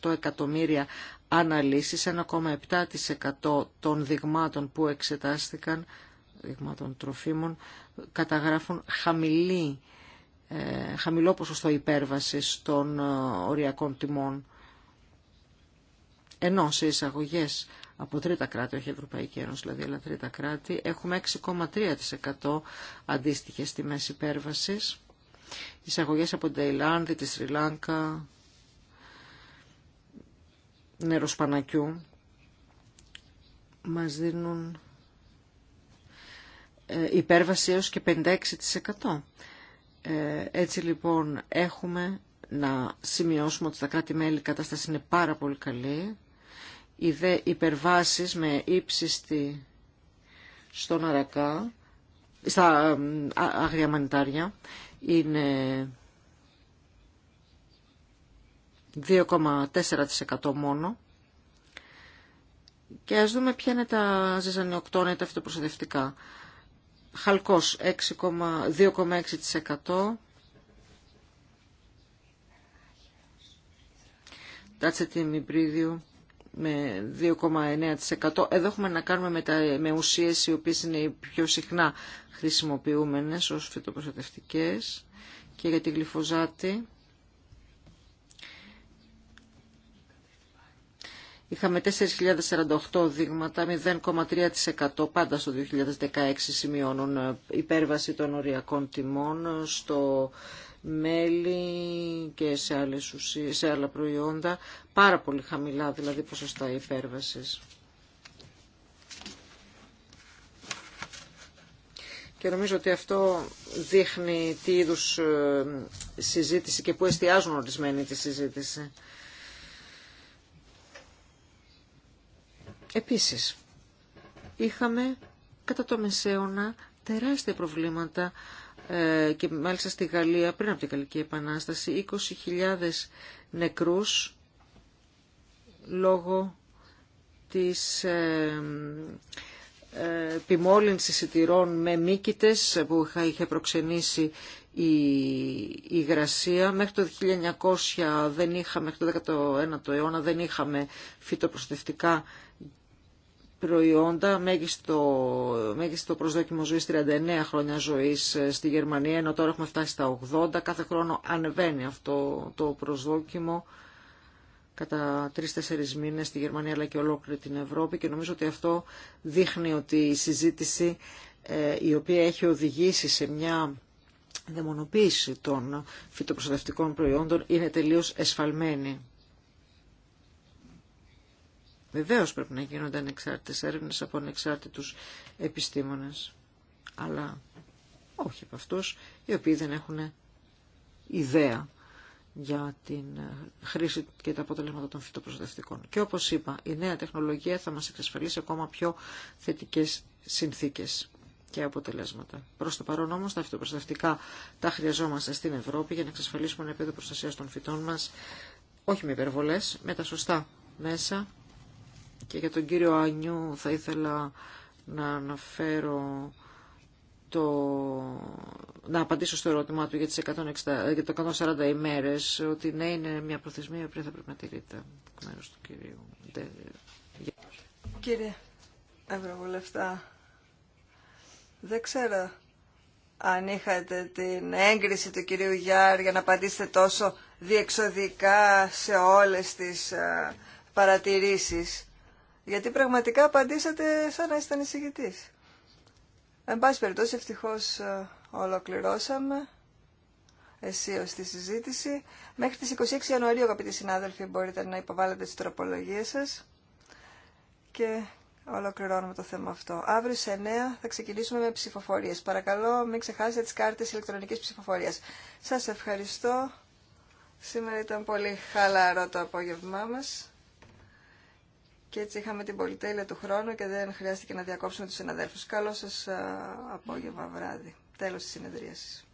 5,8 εκατομμύρια αναλύσεις, 1,7% των δειγμάτων που εξετάστηκαν, δειγμάτων τροφίμων, καταγράφουν χαμηλή ε, χαμηλό ποσοστό υπέρβασης των ε, οριακών τιμών. Ενώ σε εισαγωγέ από τρίτα κράτη, όχι Ευρωπαϊκή Ένωση δηλαδή, αλλά τρίτα κράτη, έχουμε 6,3% αντίστοιχε τιμέ υπέρβασης εισαγωγές από την Ταϊλάνδη, τη Σριλάνκα νεροσπανακιού μας δίνουν ε, υπέρβαση έως και 56%. Ε, έτσι λοιπόν έχουμε να σημειώσουμε ότι στα κράτη-μέλη η κατάσταση είναι πάρα πολύ καλή. Οι δε υπερβάσεις με ύψιστη στον Αρακά, στα άγρια μανιτάρια, είναι 2,4% μόνο. Και ας δούμε ποια είναι τα ζυζανιοκτώνα ή τα αυτοπροστατευτικά χαλκός 2,6%. Τάτσετη Μιμπρίδιου με 2,9%. Εδώ έχουμε να κάνουμε με, τα, με ουσίες οι οποίες είναι οι πιο συχνά χρησιμοποιούμενες ως φυτοπροστατευτικές και για τη γλυφοζάτη Είχαμε 4.048 δείγματα, 0,3% πάντα στο 2016 σημειώνουν ε, υπέρβαση των οριακών τιμών ε, στο μέλι και σε, άλλες σε άλλα προϊόντα, πάρα πολύ χαμηλά δηλαδή ποσοστά υπέρβασης. Και νομίζω ότι αυτό δείχνει τι είδους ε, συζήτηση και πού εστιάζουν ορισμένοι τη συζήτηση. Επίσης, είχαμε κατά το μεσαίωνα τεράστια προβλήματα ε, και μάλιστα στη Γαλλία πριν από την Γαλλική Επανάσταση 20.000 νεκρούς λόγω της ε, ε, επιμόλυνσης με μύκητες που είχε προξενήσει η, η υγρασία. Μέχρι το 1900 δεν είχαμε, μέχρι το 19ο αιώνα δεν είχαμε φυτοπροστευτικά προϊόντα, μέγιστο, μέγιστο προσδόκιμο ζωής 39 χρόνια ζωής ε, στη Γερμανία, ενώ τώρα έχουμε φτάσει στα 80, κάθε χρόνο ανεβαίνει αυτό το προσδόκιμο κατά 3-4 μήνες στη Γερμανία αλλά και ολόκληρη την Ευρώπη και νομίζω ότι αυτό δείχνει ότι η συζήτηση ε, η οποία έχει οδηγήσει σε μια δαιμονοποίηση των φυτοπροστατευτικών προϊόντων είναι τελείως εσφαλμένη. Βεβαίω πρέπει να γίνονται ανεξάρτητε έρευνε από ανεξάρτητου επιστήμονε, Αλλά όχι από αυτού οι οποίοι δεν έχουν ιδέα για την ε, χρήση και τα αποτελέσματα των φυτοπροστατευτικών. Και όπως είπα, η νέα τεχνολογία θα μας εξασφαλίσει ακόμα πιο θετικές συνθήκες και αποτελέσματα. Προς το παρόν όμως τα φυτοπροστατευτικά τα χρειαζόμαστε στην Ευρώπη για να εξασφαλίσουμε ένα επίπεδο προστασίας των φυτών μας, όχι με υπερβολές, με τα σωστά μέσα και για τον κύριο Ανιού θα ήθελα να αναφέρω το... να απαντήσω στο ερώτημά του για, τις 160... για το 140 ημέρες ότι ναι είναι μια προθεσμία που θα πρέπει να τηρείται μέρος του κυρίου Κύριε Ευρωβουλευτά δεν ξέρω αν είχατε την έγκριση του κυρίου Γιάρ για να απαντήσετε τόσο διεξοδικά σε όλες τις ε, παρατηρήσεις γιατί πραγματικά απαντήσατε σαν να ήσταν εισηγητής. Εν πάση περιπτώσει, ευτυχώ ε, ολοκληρώσαμε αισίω τη συζήτηση. Μέχρι τις 26 Ιανουαρίου, αγαπητοί συνάδελφοι, μπορείτε να υποβάλλετε τις τροπολογίε σας και ολοκληρώνουμε το θέμα αυτό. Αύριο σε 9 θα ξεκινήσουμε με ψηφοφορίες. Παρακαλώ μην ξεχάσετε τι κάρτε ηλεκτρονική ψηφοφορία. Σα ευχαριστώ. Σήμερα ήταν πολύ χαλαρό το απόγευμά μας και έτσι είχαμε την πολυτέλεια του χρόνου και δεν χρειάστηκε να διακόψουμε τους συναδέλφους. Καλό σας ε, απόγευμα βράδυ. Τέλος της συνεδρίασης.